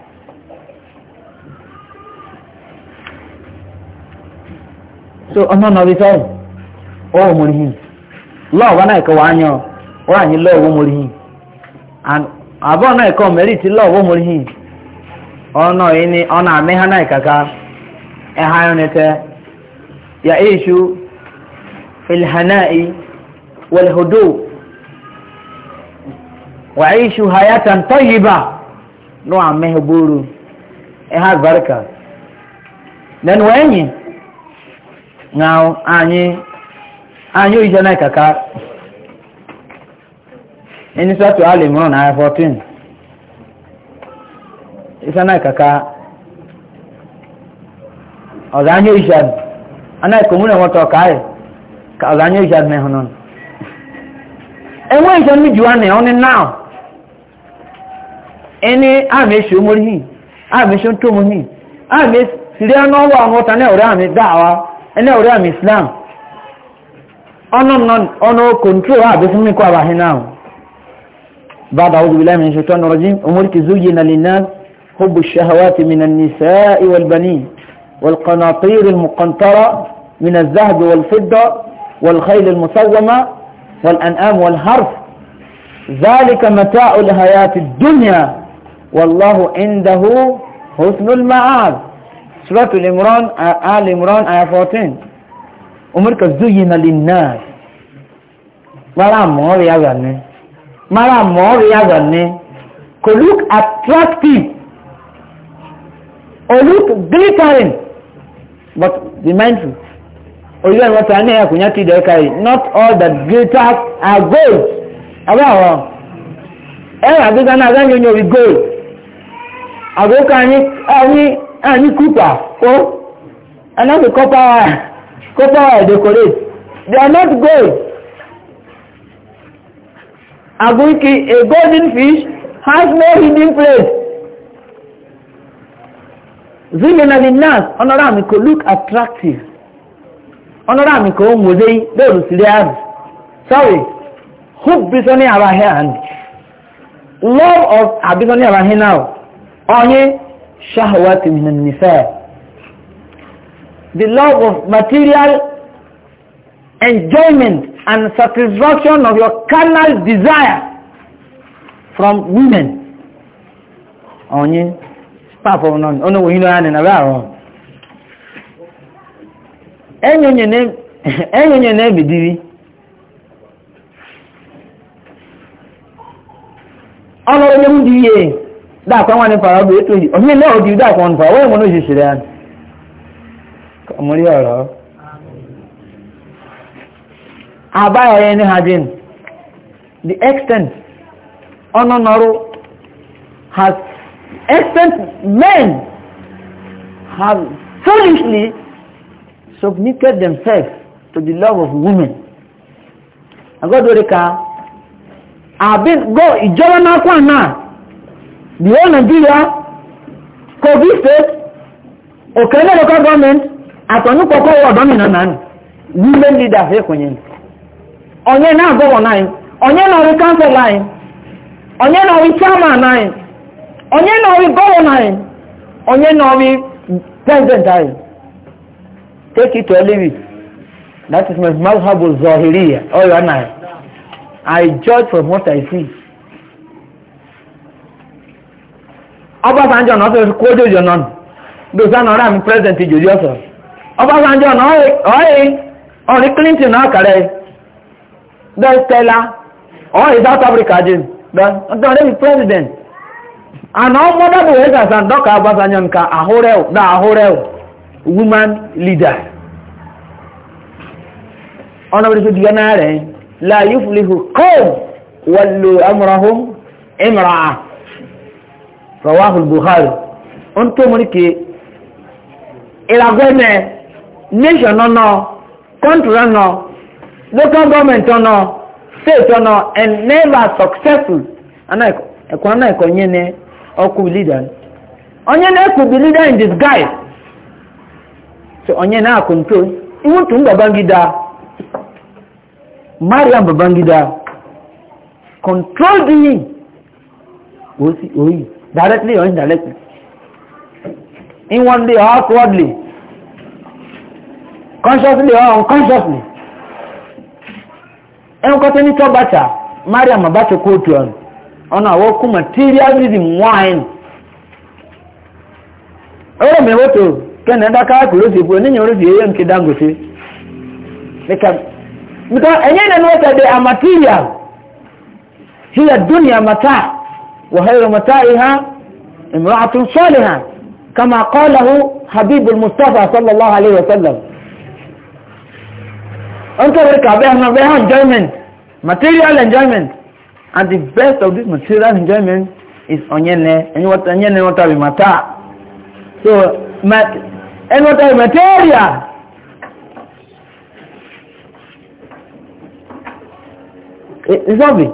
so ọmọ náà bí sọ́ọ̀ ọwọ́ mọ̀rí hìn náà kọ́ wá yan ọ àyìn lọ́ọ̀wọ́ mọ̀rí àbọ̀ náà kọ́ mẹ́rì tí lọ́ọ̀wọ́ mọ̀rí ọ̀nà yìí ni ọ̀nà àmì náà kàkà ya ẹ̀rìnẹ̀tẹ̀ yà éṣu filhana'i wàlhudu wà hayatan tọ́yìbà lọ́ọ̀ àmì hàn bóró ẹ̀ha àgbàrìkà lẹ́nu na anyị anyị oyize na kaka ẹni sọ́tù alìmọ́ náà 14 isa na kaka anyị anyi oyize anyị ìkòmúnà wọn tọ̀ káyẹ̀ ka ọ̀dọ̀ na ẹ̀hún náà ẹ̀wọ̀n ìṣẹ́ níjú wa nìyẹn ní náà ẹni àmì èṣù mórí hì àmì èṣù tó mú hì àmì sílẹ̀ ọ̀nà àwọn náà àmì dáa ẹni ọ̀rẹ́ àmì islam ọ̀nà kòntúrò àbẹ́sùn mẹ́kọ́ àbáhẹ́ náà بعد أعوذ بالله من الشيطان الرجيم أمرك زين للناس حب الشهوات من النساء والبنين والقناطير المقنطرة من الذهب والفضة والخيل المسومة والأنعام والحرف ذلك متاع الحياة الدنيا والله عنده حسن المعاد سورة الإمران آل إمران آية 14 أمرك زين للناس mara mọ́ọ̀rì yàrá ni mara mọ́ọ̀rì yàrá ni kò look attractive o look glittering but be mindful olú ẹ̀rọ tí a ní ẹ̀kùn yẹn ti dẹ̀ káyì not all that glitters are gold abẹ́ àwọn ẹ̀rọ àgbégbá náà lẹ́yìn orí gold àgbékà ní ah ní cooper o and not the copper wire copper wire decorate they are not gold agunki a golden fish has no hidden place zilina linnas ọ̀nàrà mi kò look attractive ọ̀nàrà mi kò ń wòlé lóòrùn sílẹ̀ àrùn sorry hope bisọ ní ara hand love of abisọ ní ara hand now ọ̀yin shahwat min an-nisa the love of material enjoyment and satisfaction of your carnal desire from women onye staff of none ono yin na na ba ro enyonye ne enyonye ne bidiri ọlọ́run ló ń di yé da kan wani fara bu eto yi omi na odi da kan fara wai mun shi shirya kamar yara a baya yayin hajin the extent ononoru has extent men have foolishly submitted themselves to the love of women agodorika abin go ìjọba náà kwan náà di nigeria kogi state okene local government atọnukọkọ wọ ọdọmina nani women leaders ekunye onye na agọwọ nani onye na ọrụ council nani onye na ọrụ chairman nani onye na ọrụ gọwọ nani onye na ọrụ president nani take it to leave it that is my mazhabu zohiriya ọyọ nani i judge from what i see. ọbásanjọ́ náà fẹ́ kó jòjò náà dòsánà ọ̀rá mi president jòjì ọ̀sọ̀ ọbásanjọ́ náà ọ̀rẹ́ ọ̀rẹ́ clinton náà kàrẹ́ dẹ́ stella ọ̀rẹ́ south africa jim dọ́ọ̀rẹ́ mi president àná ọmọdébù ẹ̀sàsà dọ́kà ọbásanjọ́ nǹka àhórẹ́ù dá àhórẹ́ù woman leader ọ̀nà bí i ṣe láàyè fúlihù kọ́ wọ́n lo amúrahùn ìmìràn rawahul buhari tó mú ní kí nation ọ̀nà country ọ̀nà local government ọ̀nà state ọ̀nà and never successful ẹ̀kọ́ ẹ̀kọ́ ní leader onye na-ekwu leader in disguise so onye na iwu babangida mariam babangida control oyi directly or indirectly inwardly or outwardly consciously or unconsciously ẹnkọtẹ ní tọ́bàtà mariam abáṣekú otu ọ̀nà ọ̀nà àwọn okú materialism wine ọ̀rọ̀ mi wọ́tò kẹ́nà ẹ̀dáká kúrò sí ìbò níyàn orí èyẹ nke dangote because ẹ̀yẹ́ ìdánilẹ́tẹ̀ dẹ̀ a material here dunia matter وخير متاعها امرأة صالحة كما قاله حبيب المصطفى صلى الله عليه وسلم أنت بركة بها بها enjoyment material enjoyment and the best of this material enjoyment is onyene and what onyene what we matter so mat and what are material is it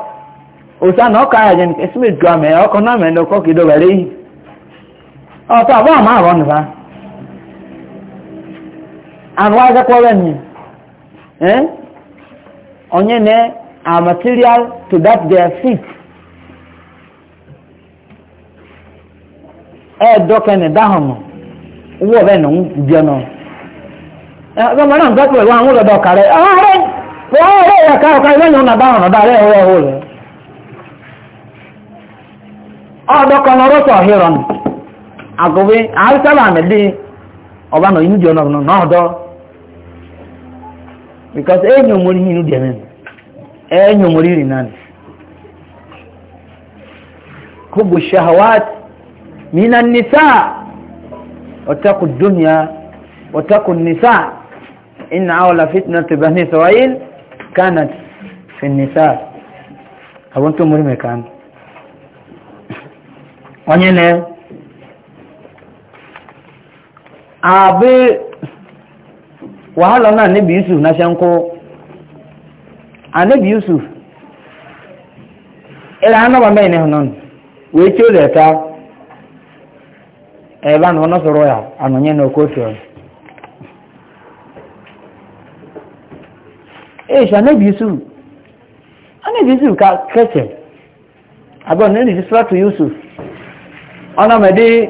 òsà náà ká ní smith gba ọkọ̀ náà mẹ́ lọ́kọ́ kìdó bẹ̀rẹ̀ yìí ọ̀tọ̀ àbọ̀ àmà àrọ̀ nìfà àwọn ni onye na a material to that their feet ẹ̀ẹ́dọ́kẹ́ ní dáhùnmù owó ọ̀rẹ́ nù náà ń àwọn kàrẹ́ ọ̀rẹ́ ọ̀rẹ́ ọdọ kan lọrọ sọ hiron agobe arisala amẹdi ọba nọ inú di ọ̀nà ọ̀nà náà dọ because ẹ̀yìn e omori inú di ẹ̀mẹ́nu ẹ̀yìn omori rìn náà ni kúbù shahawat mina nisa ọ̀tẹ́kù dúnìá ọ̀tẹ́kù nisa ina awọla fitna ti bani israel kanat fi nisa àwọn tó mori mẹ́kanu onye na abe wahala na anabi yusuf na shanko anabi yusuf ila anaba mai ne honon we cho le ta e ba no na soro ya anonye na okotio e sha anabi yusuf anabi yusuf ka kete abụọ na ndị sura yusuf ọnọmọdé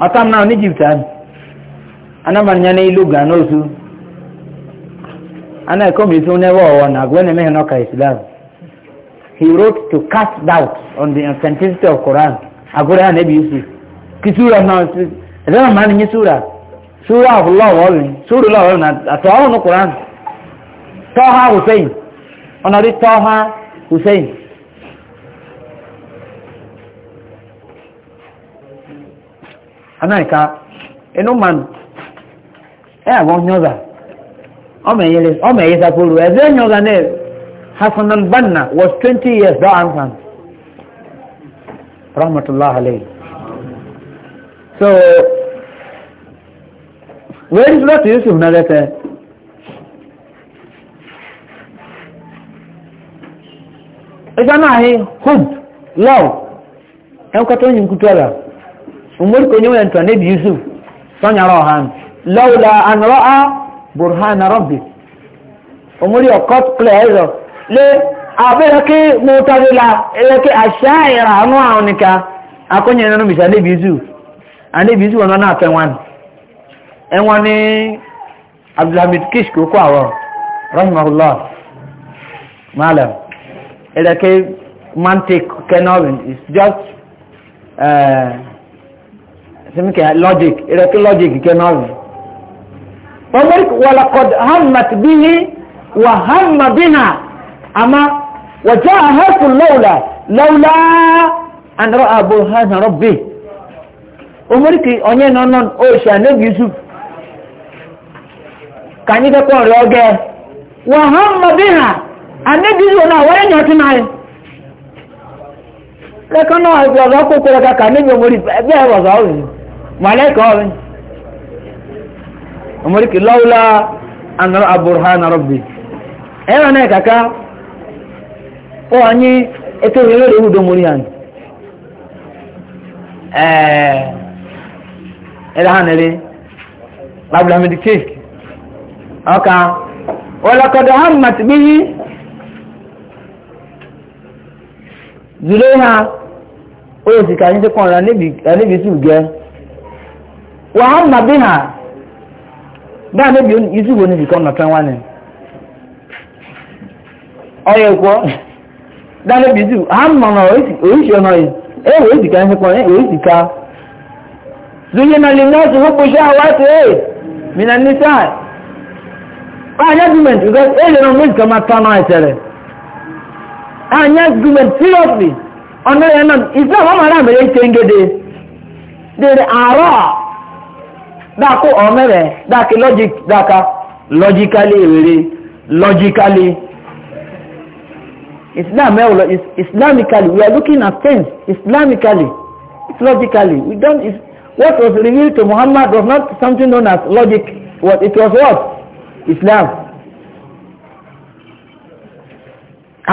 ọtam náà ní jìbìtà ni anamanya ní ìlú ghana osu ana ìkọ́mi tún n'ẹwọ́ ọ̀wọ́ na agbẹ́ni mẹ́rin ọkà islam he wrote to cast doubt on the authenticity of quran agore ha n'ebi isi kí sura náà sí ẹ̀dẹ́ náà máa ní sura sura àfúlọ̀ ọ̀wọ́rin sura lọ́wọ́rin àtọ̀ ọ̀hún quran tọ́ha hussein ọ̀nàdí tọ́ha hussein anaghịka ịnụ mmanụ abụọ ọ ma enyesa pụrụ eze nyọza na hasan al-Banna was 20 years that answer rahmatullah so where is yusuf na lete ịsa na ahị hub love ẹnkọta onye nkwutu umar ko nyoya to nabi yusuf sonya rohan laula an ra'a burhana rabbi umar yo kot plezo le abera ke mutazila ele ke ashaira anu aonika akonye no mi sale bizu ande bizu wono na apenwan enwan ni abdulhamid kishko ko awo rahimahullah malam ele ke mantik kenobin is just uh, simike logic ireki logic kenazi famurik walakod hammat bihi wa hamma biha ama wajaa laula laula an ra'a burhana rabbi omuriki onye nọ nọ osha nebi yusuf ka anyị gakwa wa hamma biha anebi yusuf na awara nyọtụ na lẹ́kọ̀ọ́ náà ẹgbẹ́ ọ̀rọ̀ kókó rẹ̀ kàkà níbi malaika ọ̀rẹ́ ọmọdékì lọ́wọ́lá anàrà àbúrhánà rọ̀bì ẹ̀rọ náà kàkà ó wà ní ètò ìrìn lórí ha mórí hàn ẹ̀rọ hàn rẹ̀ abdulhamid sheik ọkà wọlọ́kọ̀dọ̀ hammat o zulé ha ó yẹ sìkà ní na rẹ̀ isi sùgẹ́ wa hamma biha da ne bi yuzu woni bi kon na tan wani oye ko da ne bi zu hamma na oisi oisi ona yi e wo isi kan se kon e wo isi ka zuyina linnas hubbu shahawati e min an-nisa anya argument because e le no mo kama tan na itere anya argument seriously ona yana islam amara mere tengede dere ara dako omere dake logic daka logically really logically islam is islamically we are looking at things islamically it's logically we don't is what was revealed to muhammad was not something known as logic what it was what islam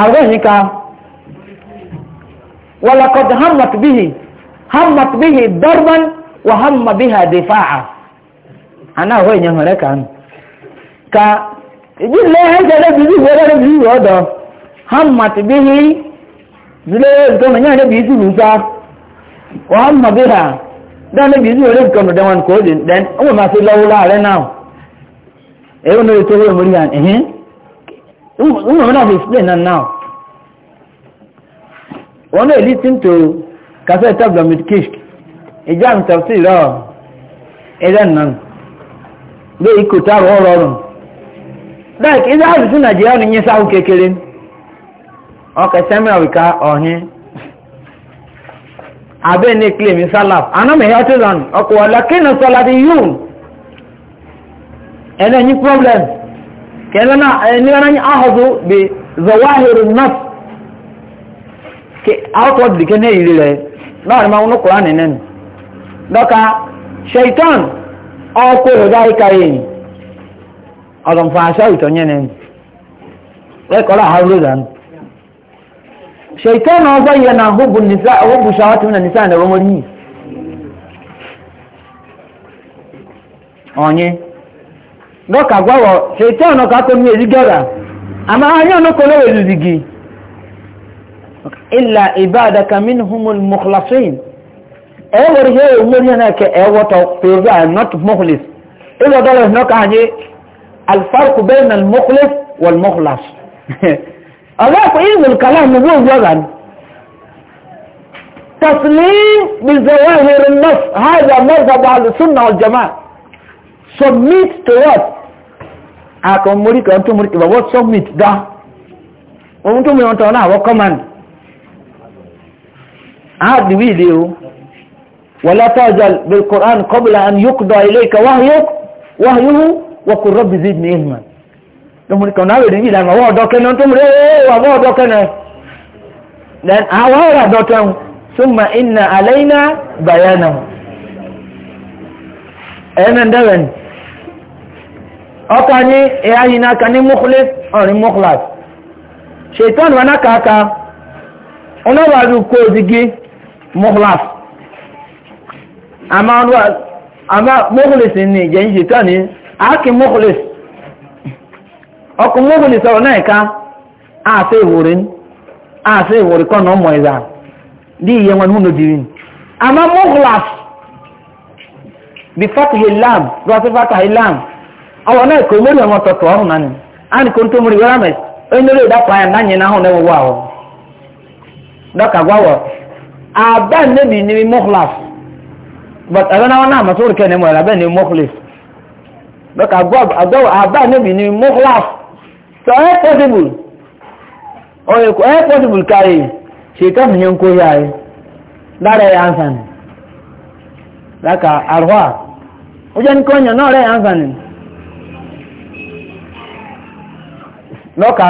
awenika walaqad hammat bihi hammat bihi darban wa hamma biha defaa ana ahụ enye nwere ka nụ ka iji le ha jere bizi iwe rere bizi iwe ọdọ ha mmatị bihi zile nke onye anyị bizi lusa wa ha mma bihi ha dani bizi iwe nke ọmụdị nwa nke ozi den ụmụ masị lọwụla arị na ewu na eto ụlọ mmiri ha ehe ụmụ mmiri ha explain na now wọn na listen to cassette tablet kishk ijam tafsir ọ ẹdẹ nnan ndị ikote arụ ọrụ ọrụ dek ndị azụzụ naijiria na nyesa ahụ kekere ọka semirika ọhị abe ne claim salaf anam ehe ọtụzan ọkụwa lakina salaf yun ẹnna e nyi problem kẹlẹ na ẹni wọn anyi zawahiru ke dike na eyiri rẹ ma wọn dọka ọkụrụ gaa ịka ya enyi ọzọ mfa asa itonye na enyi rekọrọ ahụ roda nụ shaitan ọzọ ihe na hubu nisa hubu shawatu na nisa na romori yi onye dọka gwawo shaitan ọka atọ mmiri gara ama anya ọnụkọ na wezuzigi illa ibadaka minhumul mukhlasin ẹwọ̀rọ̀ yẹ́ olórin náà kẹ ẹwọ́tọ̀ pẹ̀lú not mohlis ilẹ̀ ọ̀dọ́lọ̀ ìsinọ́ ká ní alfarku bẹ́ẹ̀nà mohlis wal mohlas ọlọ́pọ̀ ìwòl kàlá nínú ìwọ̀rán taslim bizawahir nas hada mazhab al-sunnah wal jamaa submit to what akọ mori kan tó mori ìbàwọ́ submit dá ohun tó mìíràn tọ́ náà wọ́n kọ́mọ̀nì àádìí wíìlì o ولا تعجل بالقرآن قبل أن يقضى إليك وحيك وحيه وقل رب زدني علما lọ́mọdé kan náà rèé ìlànà ọwọ́ ọ̀dọ́ kẹ́nà tó múlẹ̀ ọwọ́ ọ̀dọ́ kẹ́nà then àwọn ọ̀rọ̀ àdọ́tẹ́hùn súnmà iná àlẹ́yìnà bàyánà ẹ̀ẹ́nà dẹ́rẹ̀n ọkà ní ẹ̀yà yìí náà kan ní mọ́kúlẹ̀ ọ̀rin mọ́kúlàs ṣètọ́nù wọn náà kàákà ọ̀nà wàá rú kó òdìgí mọ́kúlàs àmá mọ́kùlìsì ní ìjẹyìn ṣètọ́ ní àákì mọ́kùlìsì ọkùn mọ́kùlìsì ọ̀rọ̀ náà ká àṣẹ ìwòrí àṣẹ ìwòrí kọ́nà ọmọ ìzà dí iye wọn múnú dìrí àmá mọ́kùlìsì dọ́kà gbáwọ̀ àbá nẹ́bì ní but ẹ̀rọ náà wọn náà mọ̀sọ́rọ̀ kẹ́ ni mo ẹ̀rọ abẹ́ ni mọ́kùlẹ̀s lọ́kà àgbọ̀wọ̀ àbá níbi ni mọ́kùlẹ̀s so ẹ̀ eh, possible ọ̀yẹ̀ kò ẹ̀ possible káyè ṣètò ìyẹn kó yá ẹ lára ẹ̀ ansan lọ́kà àrùwà ó jẹ́ nǹkan ọ̀yàn náà rẹ̀ ansan lọ́kà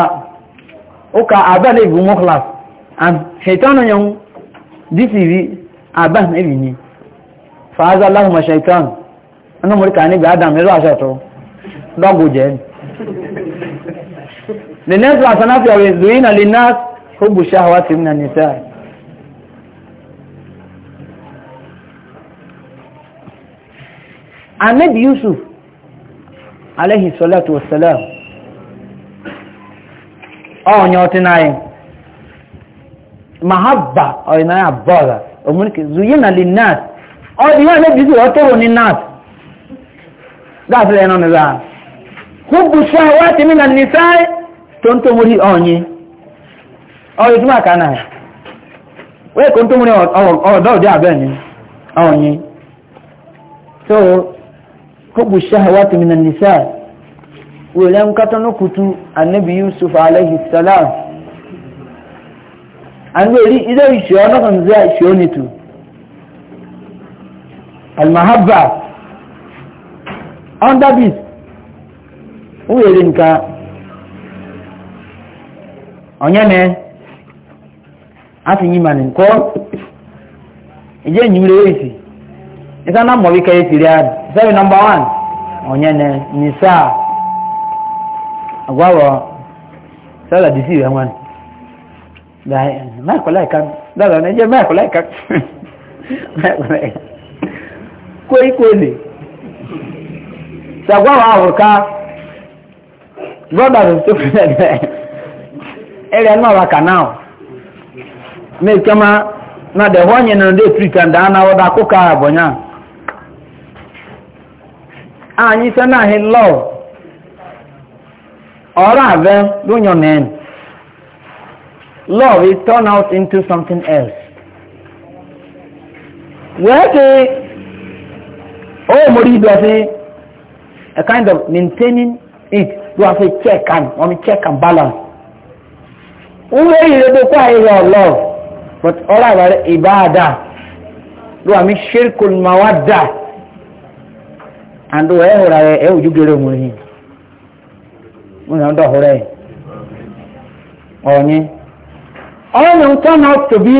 ó ka àbá níbi mọ́kùlẹ̀s and ṣètò ìyẹn dcv àbá níbi ni fàáza aláhùnmọ̀ ṣẹ̀tàn inú mọ̀ríkà nígbà adam ẹ̀rọ àṣàtọ̀ dọ́gbò jẹ́ the next one sanafi of israel na linas hubu shahawa ti na nisa anabi yusuf alayhi salatu wasalam ọ̀nyà ọtí zuyina linas ọdí wọn lè dìdì ọtọrọ ní nurse gáàsì lẹ́nu nìlá húbù sọ wá ti na nìsá tó ń tó múrí ọ̀nyí ọ̀rẹ́ tí wọ́n kà náà wọ́n kò so húbù sọ na nìsá were lẹ́nu n'okwutu anabi yusuf alayhi salam and èrì ilé ìṣọ́ ọ̀nà kan isi ìṣọ́ nìtù almahabba under this ó wèrè nǹkan ọ̀nyẹ́mẹ́ a ti yí màní nkọ́ ìjẹ́ ìyìn rẹ̀ èsì ìsá náà mọ̀ wíkẹ́ èsì rẹ̀ àdì ìsẹ́rẹ̀ nọmba wán ọ̀nyẹ́nẹ́ nìsá àgbáwọ̀ sọ́dọ̀ dìsí rẹ̀ wọn láìkọ̀láìkan dáadáa ẹjẹ́ máìkọ̀láìkan máìkọ̀láìkan ikwe ikweli sagwa ahụ ka brothers and sisters ere nọ maka now mekema na de onye na ndị pretend a na ọda akụkọ a bụ nya anyị sị na ahị lọv ọrụ ave dunyo na lọọ is turned out into something else wee oh mori do say a kind of maintaining it to I a check and check and balance uwe ire do kwa your love but all about ibada do ami shirkul mawadda and do eh ora eh ujugere mu ni mo na ọrụ hore onye all turn out to be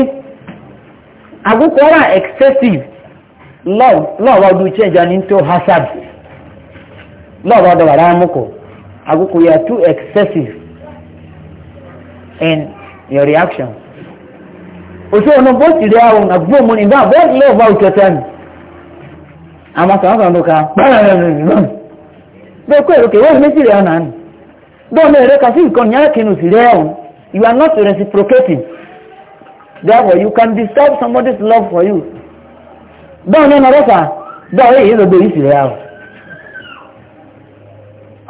agukora excessive lọ́wọ́ ọdún change and into hazard lọ́wọ́ ọdún wàrà amúkọ̀ àgùkù you are too excessive in your reaction. òṣè ọ̀nà bó ti rí àwọn àgbò mu nígbà bó ti lọ́wọ́ ọjọ́ tẹ́ mi àmọ́ sọ̀rọ̀ sọ̀rọ̀ ló ka bẹ́ẹ̀ kó èrò kéwọ́n méjì rẹ̀ ọ̀nà ni bọ́ọ̀ náà èrè kàfí ìkànnì arákìnrin òsì rẹ̀ ọ̀hún you are not reciprocating therefore you can disturb somebody's love for you dọ́ọ̀ ní rọ́sà dọ́ọ̀ èyí lọ́gbọ̀ yìí sì rẹ̀ àwọ̀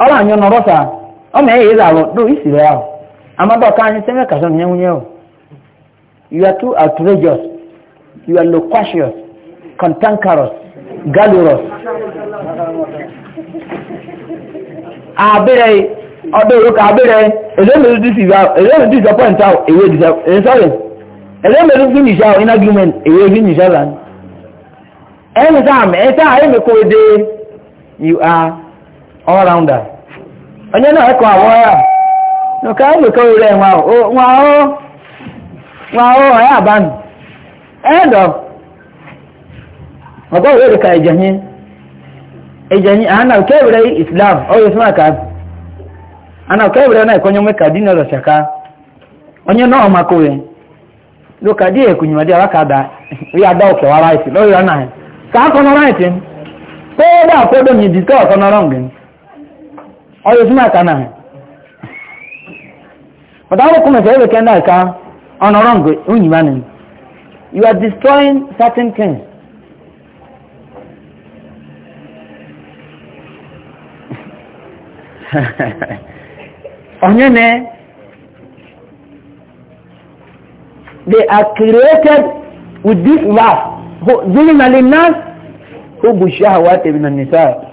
ọ̀rọ̀ ọ̀nà rọ́sà ọmọ èyí làwọ̀ yìí sì rẹ̀ àwọ̀ kàṣọ nìyẹn wúnyẹ́ o you are too outrageous you are loquacious cantankerous gallurous abẹ́rẹ́ ọdọ̀ òrùka abẹ́rẹ́ èlẹ́mẹ̀lú disappoint out èyí disappoint sorry èlẹ́mẹ̀lú finish out in èyí finish out any time anytime emekwa ede you are all rounder onye na ẹkọ àwọ ya nǹkan emekwa ya nwa o nwa o nwa o ọ̀yá àbánu ẹ̀ẹ́dọ̀ ọ̀gọ́ òwe rẹ̀ ka ìjẹ̀yìn ìjẹ̀yìn àánà kẹ́wìrẹ́ islam ọ̀yọ́ sọ́nà ká àánà na náà ẹ̀kọ́ ka dínà onye náà ọmọ akọ̀wé lóka díẹ̀ kùnyìmọ̀dé àwọn kàdá rí adá òkè wàrà ìsì na náà ka akọnọ right m kóódà àkóódà mi dìtọ́ ọ̀kọnọ wrong m ọyọ súnmọ́ àká náà but àwọn kọ́mọ̀ sẹ́yẹ́ wẹ̀kẹ́ náà ká ọ̀nà wrong òyìn bá ni you are destroying certain things. onye na they are created with this last. زين للناس حب الشهوات من النساء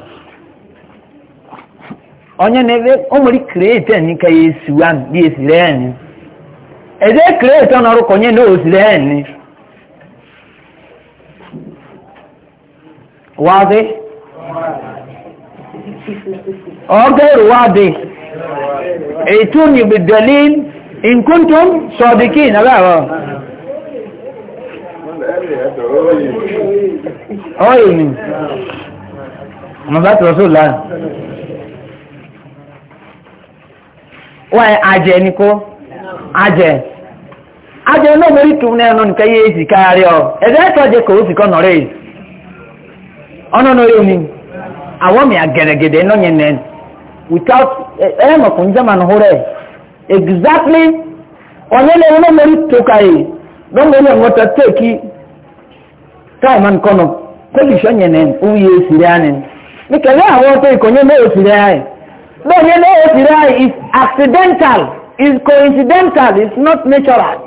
onye na-ebe omori krete ni ka yesu wa bi esire eni eze krete na ruko onye na osire eni wazi ogeru wazi etuni bidalil in kuntum sadiqin abaa ọ́yìn ni mọ̀sáàtì rọ́sọ̀ láàrín wọ́n ajẹ́ ni kó ajẹ́ ajẹ́ náà mẹ́rin tún náà nọ́nù kẹ́yẹ́ èsì káàrí ọ ẹ̀dẹ́ ẹ̀tọ́ jẹ́ kò ó sì kọ́ nọ̀rẹ́ yìí ọ̀nà nọ̀rẹ́ ni àwọn àgẹ̀rẹ̀gẹ̀dẹ̀ náà yẹn nẹ́ẹ̀ without ẹ̀ẹ́mọ̀kùn jẹ́ màá nù hórẹ́ exactly ọ̀nyẹ́lẹ̀ náà mẹ́rin tó kàyè gbọ́n mẹ́rin ọ̀ngọ́ta táwọn man, ń kọ́ nọ kóbi sọ́yìn ní oyè òsìrẹ́ àná ní kẹ̀lẹ́ àwọn tó ìkọ̀nyẹ́ náà òsìrẹ́ àyè lóòyè náà òsìrẹ́ àyè is accidental is coincidental is not natural.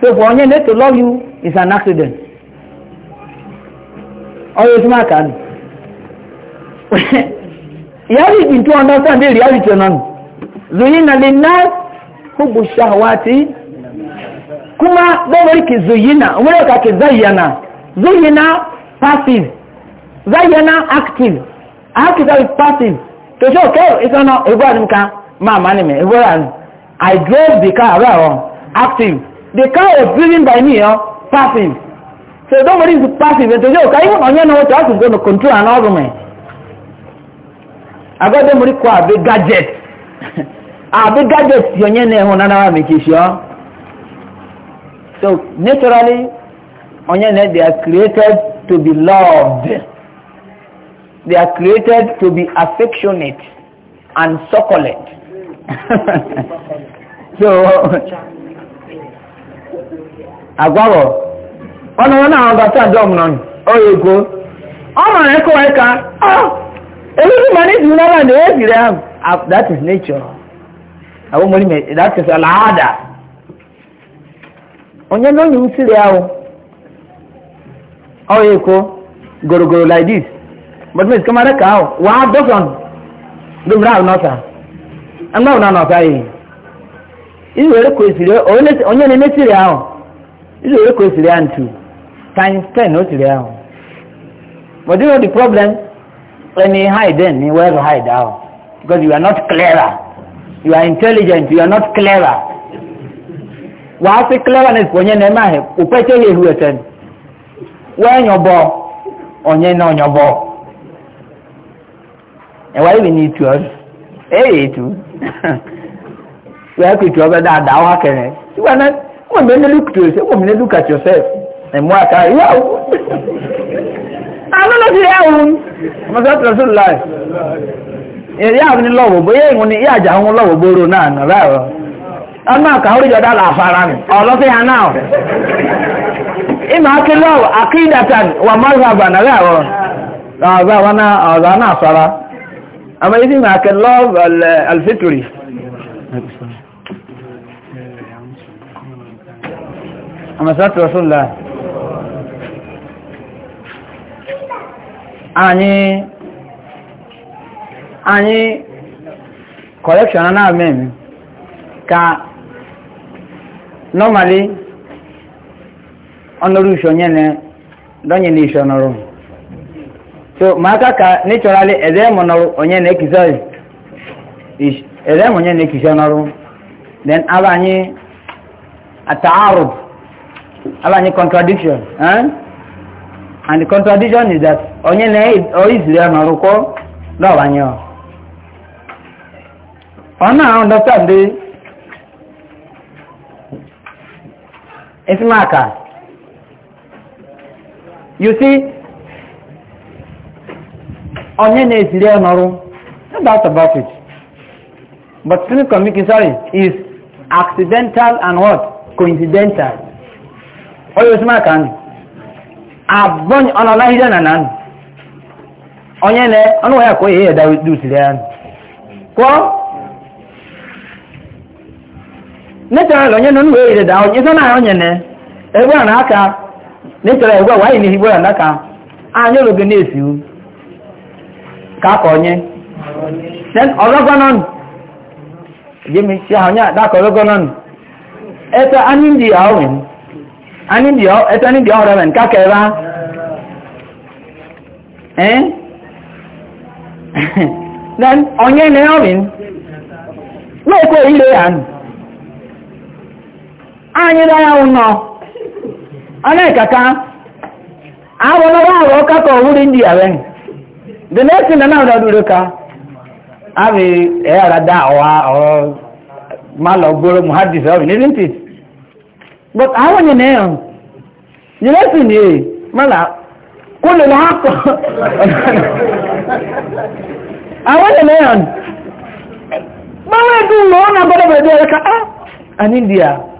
so for onye to love you is an accident. ọyọ tí máa kà ní. reality to understand the reality ọ̀nà. zuyina lè ná kó bu ṣàwátì. kuma bawar ki zuyina nwere ka ki zayyana zuyina passive zayyana active active is passive to show okay it's not about ka ma ma ni me i drove the car around active the car was driven by me oh passive so don't worry passive to show okay onye na what you going to control an argument kwa gadget na So naturally, onion they are created to be loved. They are created to be affectionate and succulent. so agwawo ọnụ ọ na-agba taa ndị ọmụrụ ọnụ ọ ya ego ọ mara ekọwa ịka ọ ewuru ma n'ezi n'ọrụ a na-eziri that is nature ahụ mori that is alada onye na onye usiri ahụ ọ eko gorogoro like this but miss kamara ka ahụ waa dọsọn dọmra ahụ nọsa anụ ahụ na nọsa yi iwere kwesịrị onye na emesiri ahụ iwere kwesịrị ya ntu times ten o siri ahụ but you know the problem when you hide then you wear hide ahụ because you are not clearer you are intelligent you are not clearer wàásì ha pọ̀ nyẹ́ nẹ́ẹ̀mà hẹ̀ òpẹ́tẹ́ yẹ̀ hu ẹ̀tẹ́ wẹ́ẹ̀nyọ̀bọ̀ ọ̀nyẹ́ náà ọ̀nyọ̀bọ̀ ẹ̀wà ìbí ni ìtù ọ̀dù ẹ̀yẹ̀ ìtù wẹ́ẹ̀ kìtù ọ̀bẹ dáadáa ya kẹrẹ ṣùgbọ́n ha ha mi ní look to yourself wọ́n mi ní look at yourself ẹ̀mú àká yíyá o àná ló ti ya ya ya ya ya ya ọmọ àkàwé ìjọba làfàrà ni ọlọ́fẹ́ yẹn aki ìmọ̀ akílọ̀ akíndàtàn wà mọ́sàbà náà rẹ̀ ọ̀zọ́ wọn náà ọ̀zọ́ náà sọ́ra àmọ́ yìí ìmọ̀ akílọ̀ alfitri àmọ́sàtì rọ̀sùnlá anyị anyị kọlekshọn náà mẹ́rin ka normally ọnọrụ isonye na donye na isonọrụ so ma aka ka naturally ezem nọrụ onye na ekisa ezem onye na ekisa nọrụ then aba anyị ataarụ aba anyị contradiction eh? and the contradiction is that onye na oiziri nọrụ kwọ dọbanye ọ ọ na-understand Ismaaka. You see, onye na-esiri ọnọrụ, no doubt about it. But clinical making, sorry, is accidental and what? Coincidental. oye Ismaaka nụ. Abụọ ọnọlahide na nanụ. Onye na ọnụ ya ka o yi ya dawe dusiri ya nụ. natural onye nọ n'uwe ire da onye sọ na onye ne egbe a na-aka natural egbe wa anyị n'ehigbo ya n'aka anyị ụlọ gị na-esi u ka aka onye then ọlọgọnọn jimmy si ha onye adaka ọlọgọnọn eto anyị ndị ya ọwụn anyị ndị ya ete anyị ndị ya ọhụrụ nke aka ebe a eh then onye na-ọwụn na-ekwe ire ya nụ anyịla ya ụnọ anekaka awọlọwọ awọ kakọ ọhụrụ ndị yawe dị na n'esi na náà dọdụrụ ka abị ẹyara e da ọwa ọrọ malọ gboro muhadis ọbị n'isn't it but awọ nye na ya nyere si na ee mala kwụlụ na hapụ awọ nye na ya gbanwe dum ụlọ ọ na-agbadabada agbada ka ah anyị ndị ya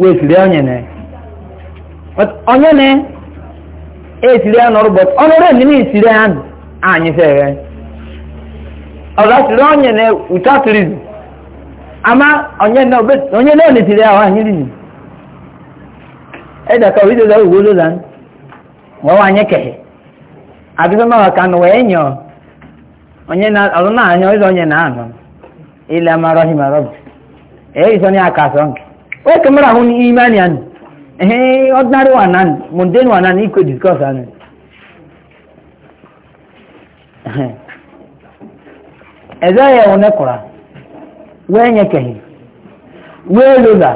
wetiri onye ne but onye ne but ọnụrụ anyị ọzọ onye ne without ama onye ne obe onye ne onetiri ya anyị reason ẹ̀dà kan oríṣi ìdáwó ìwó ló lánà wọ́n wá nyẹ́ kẹ̀hẹ́ àbísọ́mọ́ wa kan wẹ̀ ẹ́ yàn onye na anọ náà yàn ọ̀rọ̀ onye náà nọ ilẹ̀ wai kamar a huni imani an eh ordinary one an mundane one an equal discuss an ẹ̀dá yẹ wọn ẹ̀kọ́ra wẹ́ẹ́ yẹ kẹ̀hìn wẹ́ẹ́ lóla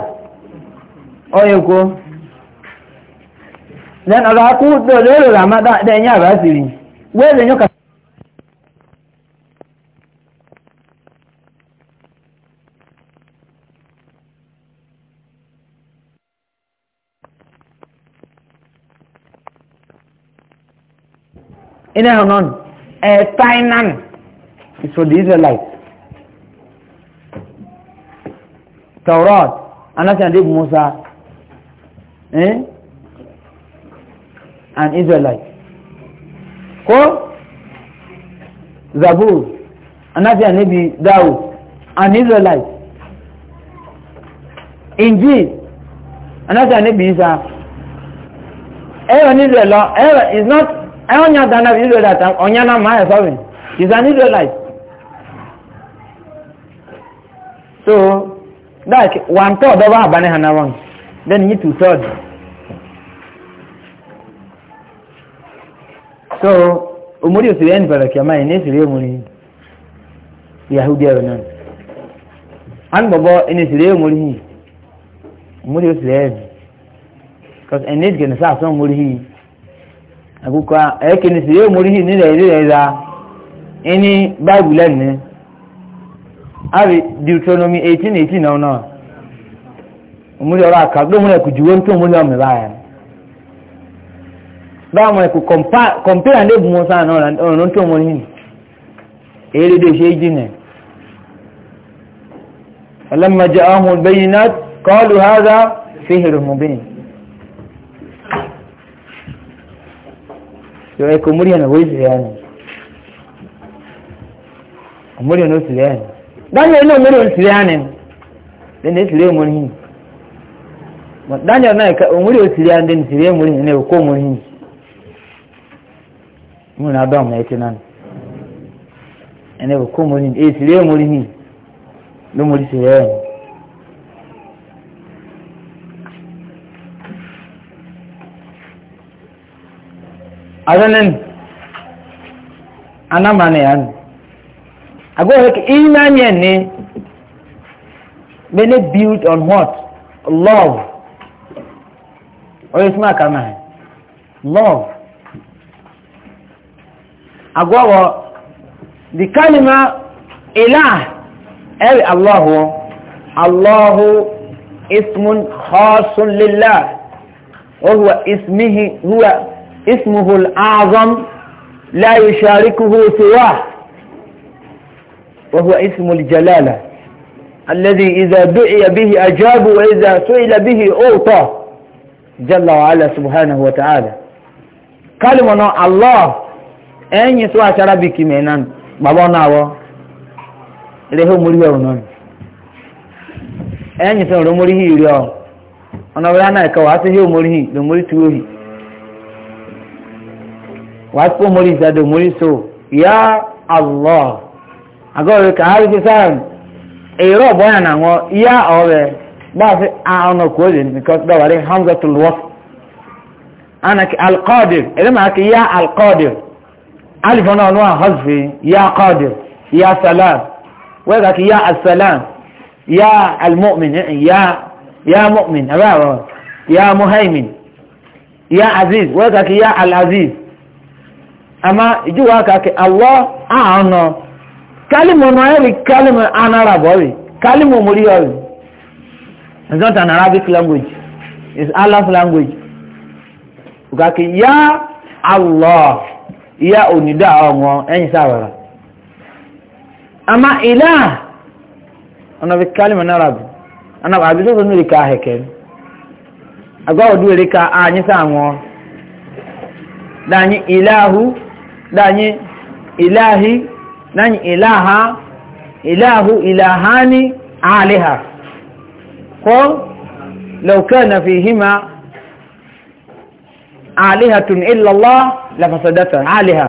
ọ̀yẹ̀kọ́ then ọ̀rọ̀ akú lóla má dá ẹ̀yìn àbá sí rí wẹ́ẹ́ lè in Hanon, a eh, Tainan is for the Israelites. Taurat, another Musa, eh? an Israelite. Ko Zabur, another Nabi Dawud, an Israelite. Injil, another Nabi Isa. Aaron eh, Israel, Aaron eh, is not I only had an Israelite, Onyana Maya, sorry. an Israelite. So, like one third of our banana one, then you two thirds. So, Umuri was eni end for the Kama in Israel, Muri Yahudi Avenan. And Bobo in Israel, Muri. Umuri was the end. Because in this, start some àkókò ẹ̀ẹ́kìnì sí yóò mórí yìí nílẹ̀ ilé ẹ̀dá ẹni báìbù lẹ́nu àbí deuteronomy eighteen eighteen ọ̀nà òmùlẹ̀ ọ̀rọ̀ àkàgbé òmùlẹ̀ kò juwé tó òmùlẹ̀ ọ̀mẹ̀ báyà báwo mọ̀ ẹ̀kọ́ kọ̀mpẹ́rẹ́ àndé bùnmọ́ sáà náà ọ̀nà tó òmùlẹ̀ yìí èyí lédè ṣe é jìnà ọlọ́mọdé ọ̀hún bẹ́yìn náà kọ́ọ̀lù hádà fihìrì mùbíyìn yọ ẹkọ múrí ẹ̀nà wọ́n ìsìlẹ̀ ẹ̀nà múrí ẹ̀nà ìsìlẹ̀ ẹ̀nà daniel náà múrí ìsìlẹ̀ ẹ̀nà lẹ́nà ìsìlẹ̀ múrí yìí daniel náà ẹ̀ka múrí ìsìlẹ̀ ẹ̀nà lẹ́nà ìsìlẹ̀ múrí ẹ̀nà ẹ̀kọ́ na yìí múrí adọ́ àmọ́ ẹ̀tì náà ẹ̀nà ẹ̀kọ́ múrí muri ìsìlẹ̀ múrí Ana m anụ ya nụ. Agụ ọrọ ka build on what? Love. O yesu kama akamanyi, love. Agụ di kalima ila ịla ebe Alahu, Alahu ismun, hasun, lila, ohuwa, ismihi, huwa. اسمه الأعظم لا يشاركه سواه وهو اسم الجلالة الذي إذا دعي به أجاب وإذا سئل به أوطى جل وعلا سبحانه وتعالى كلمة الله أين يسوى شربك منان بابانا و لهم مريون أين يسوى رمره يريون أنا ولا أنا كواسه يوم مريه لمريه توهي wàá kó mórí ìsàdò mórí so ya allah agọ́rẹ̀ kàárì ti sáà èrò ọ̀bọ̀nyà nà wọ́n ya ọ̀rẹ́ bá a fi ọ̀nà kó lè nìkan dáwàrí hamzatul wọ́f anaki alqadir ẹ̀rẹ́ màá kí ya alqadir alifọ̀nà ọ̀nà àhọ́sì ya qadir ya salam wọ́n kà kí ya asalam ya almu'min ya ya mu'min aziz ama ijuwa aka ke allah a ono kalimo no eri kalimo an arab ori kalimo muri ori it's not an arabic language it's allah's language uka ya allah ya onida onwo enyi sawara ama ila a bi kalimo an arab ana ba bi so no ri ka heke agwa odu ri ka anyi sawo ile ilahu nanyi ilahi nanyi ilaha ilahu ilahani aliha قل لو كان فيهما آلهة إلا الله لفسدتها آلهة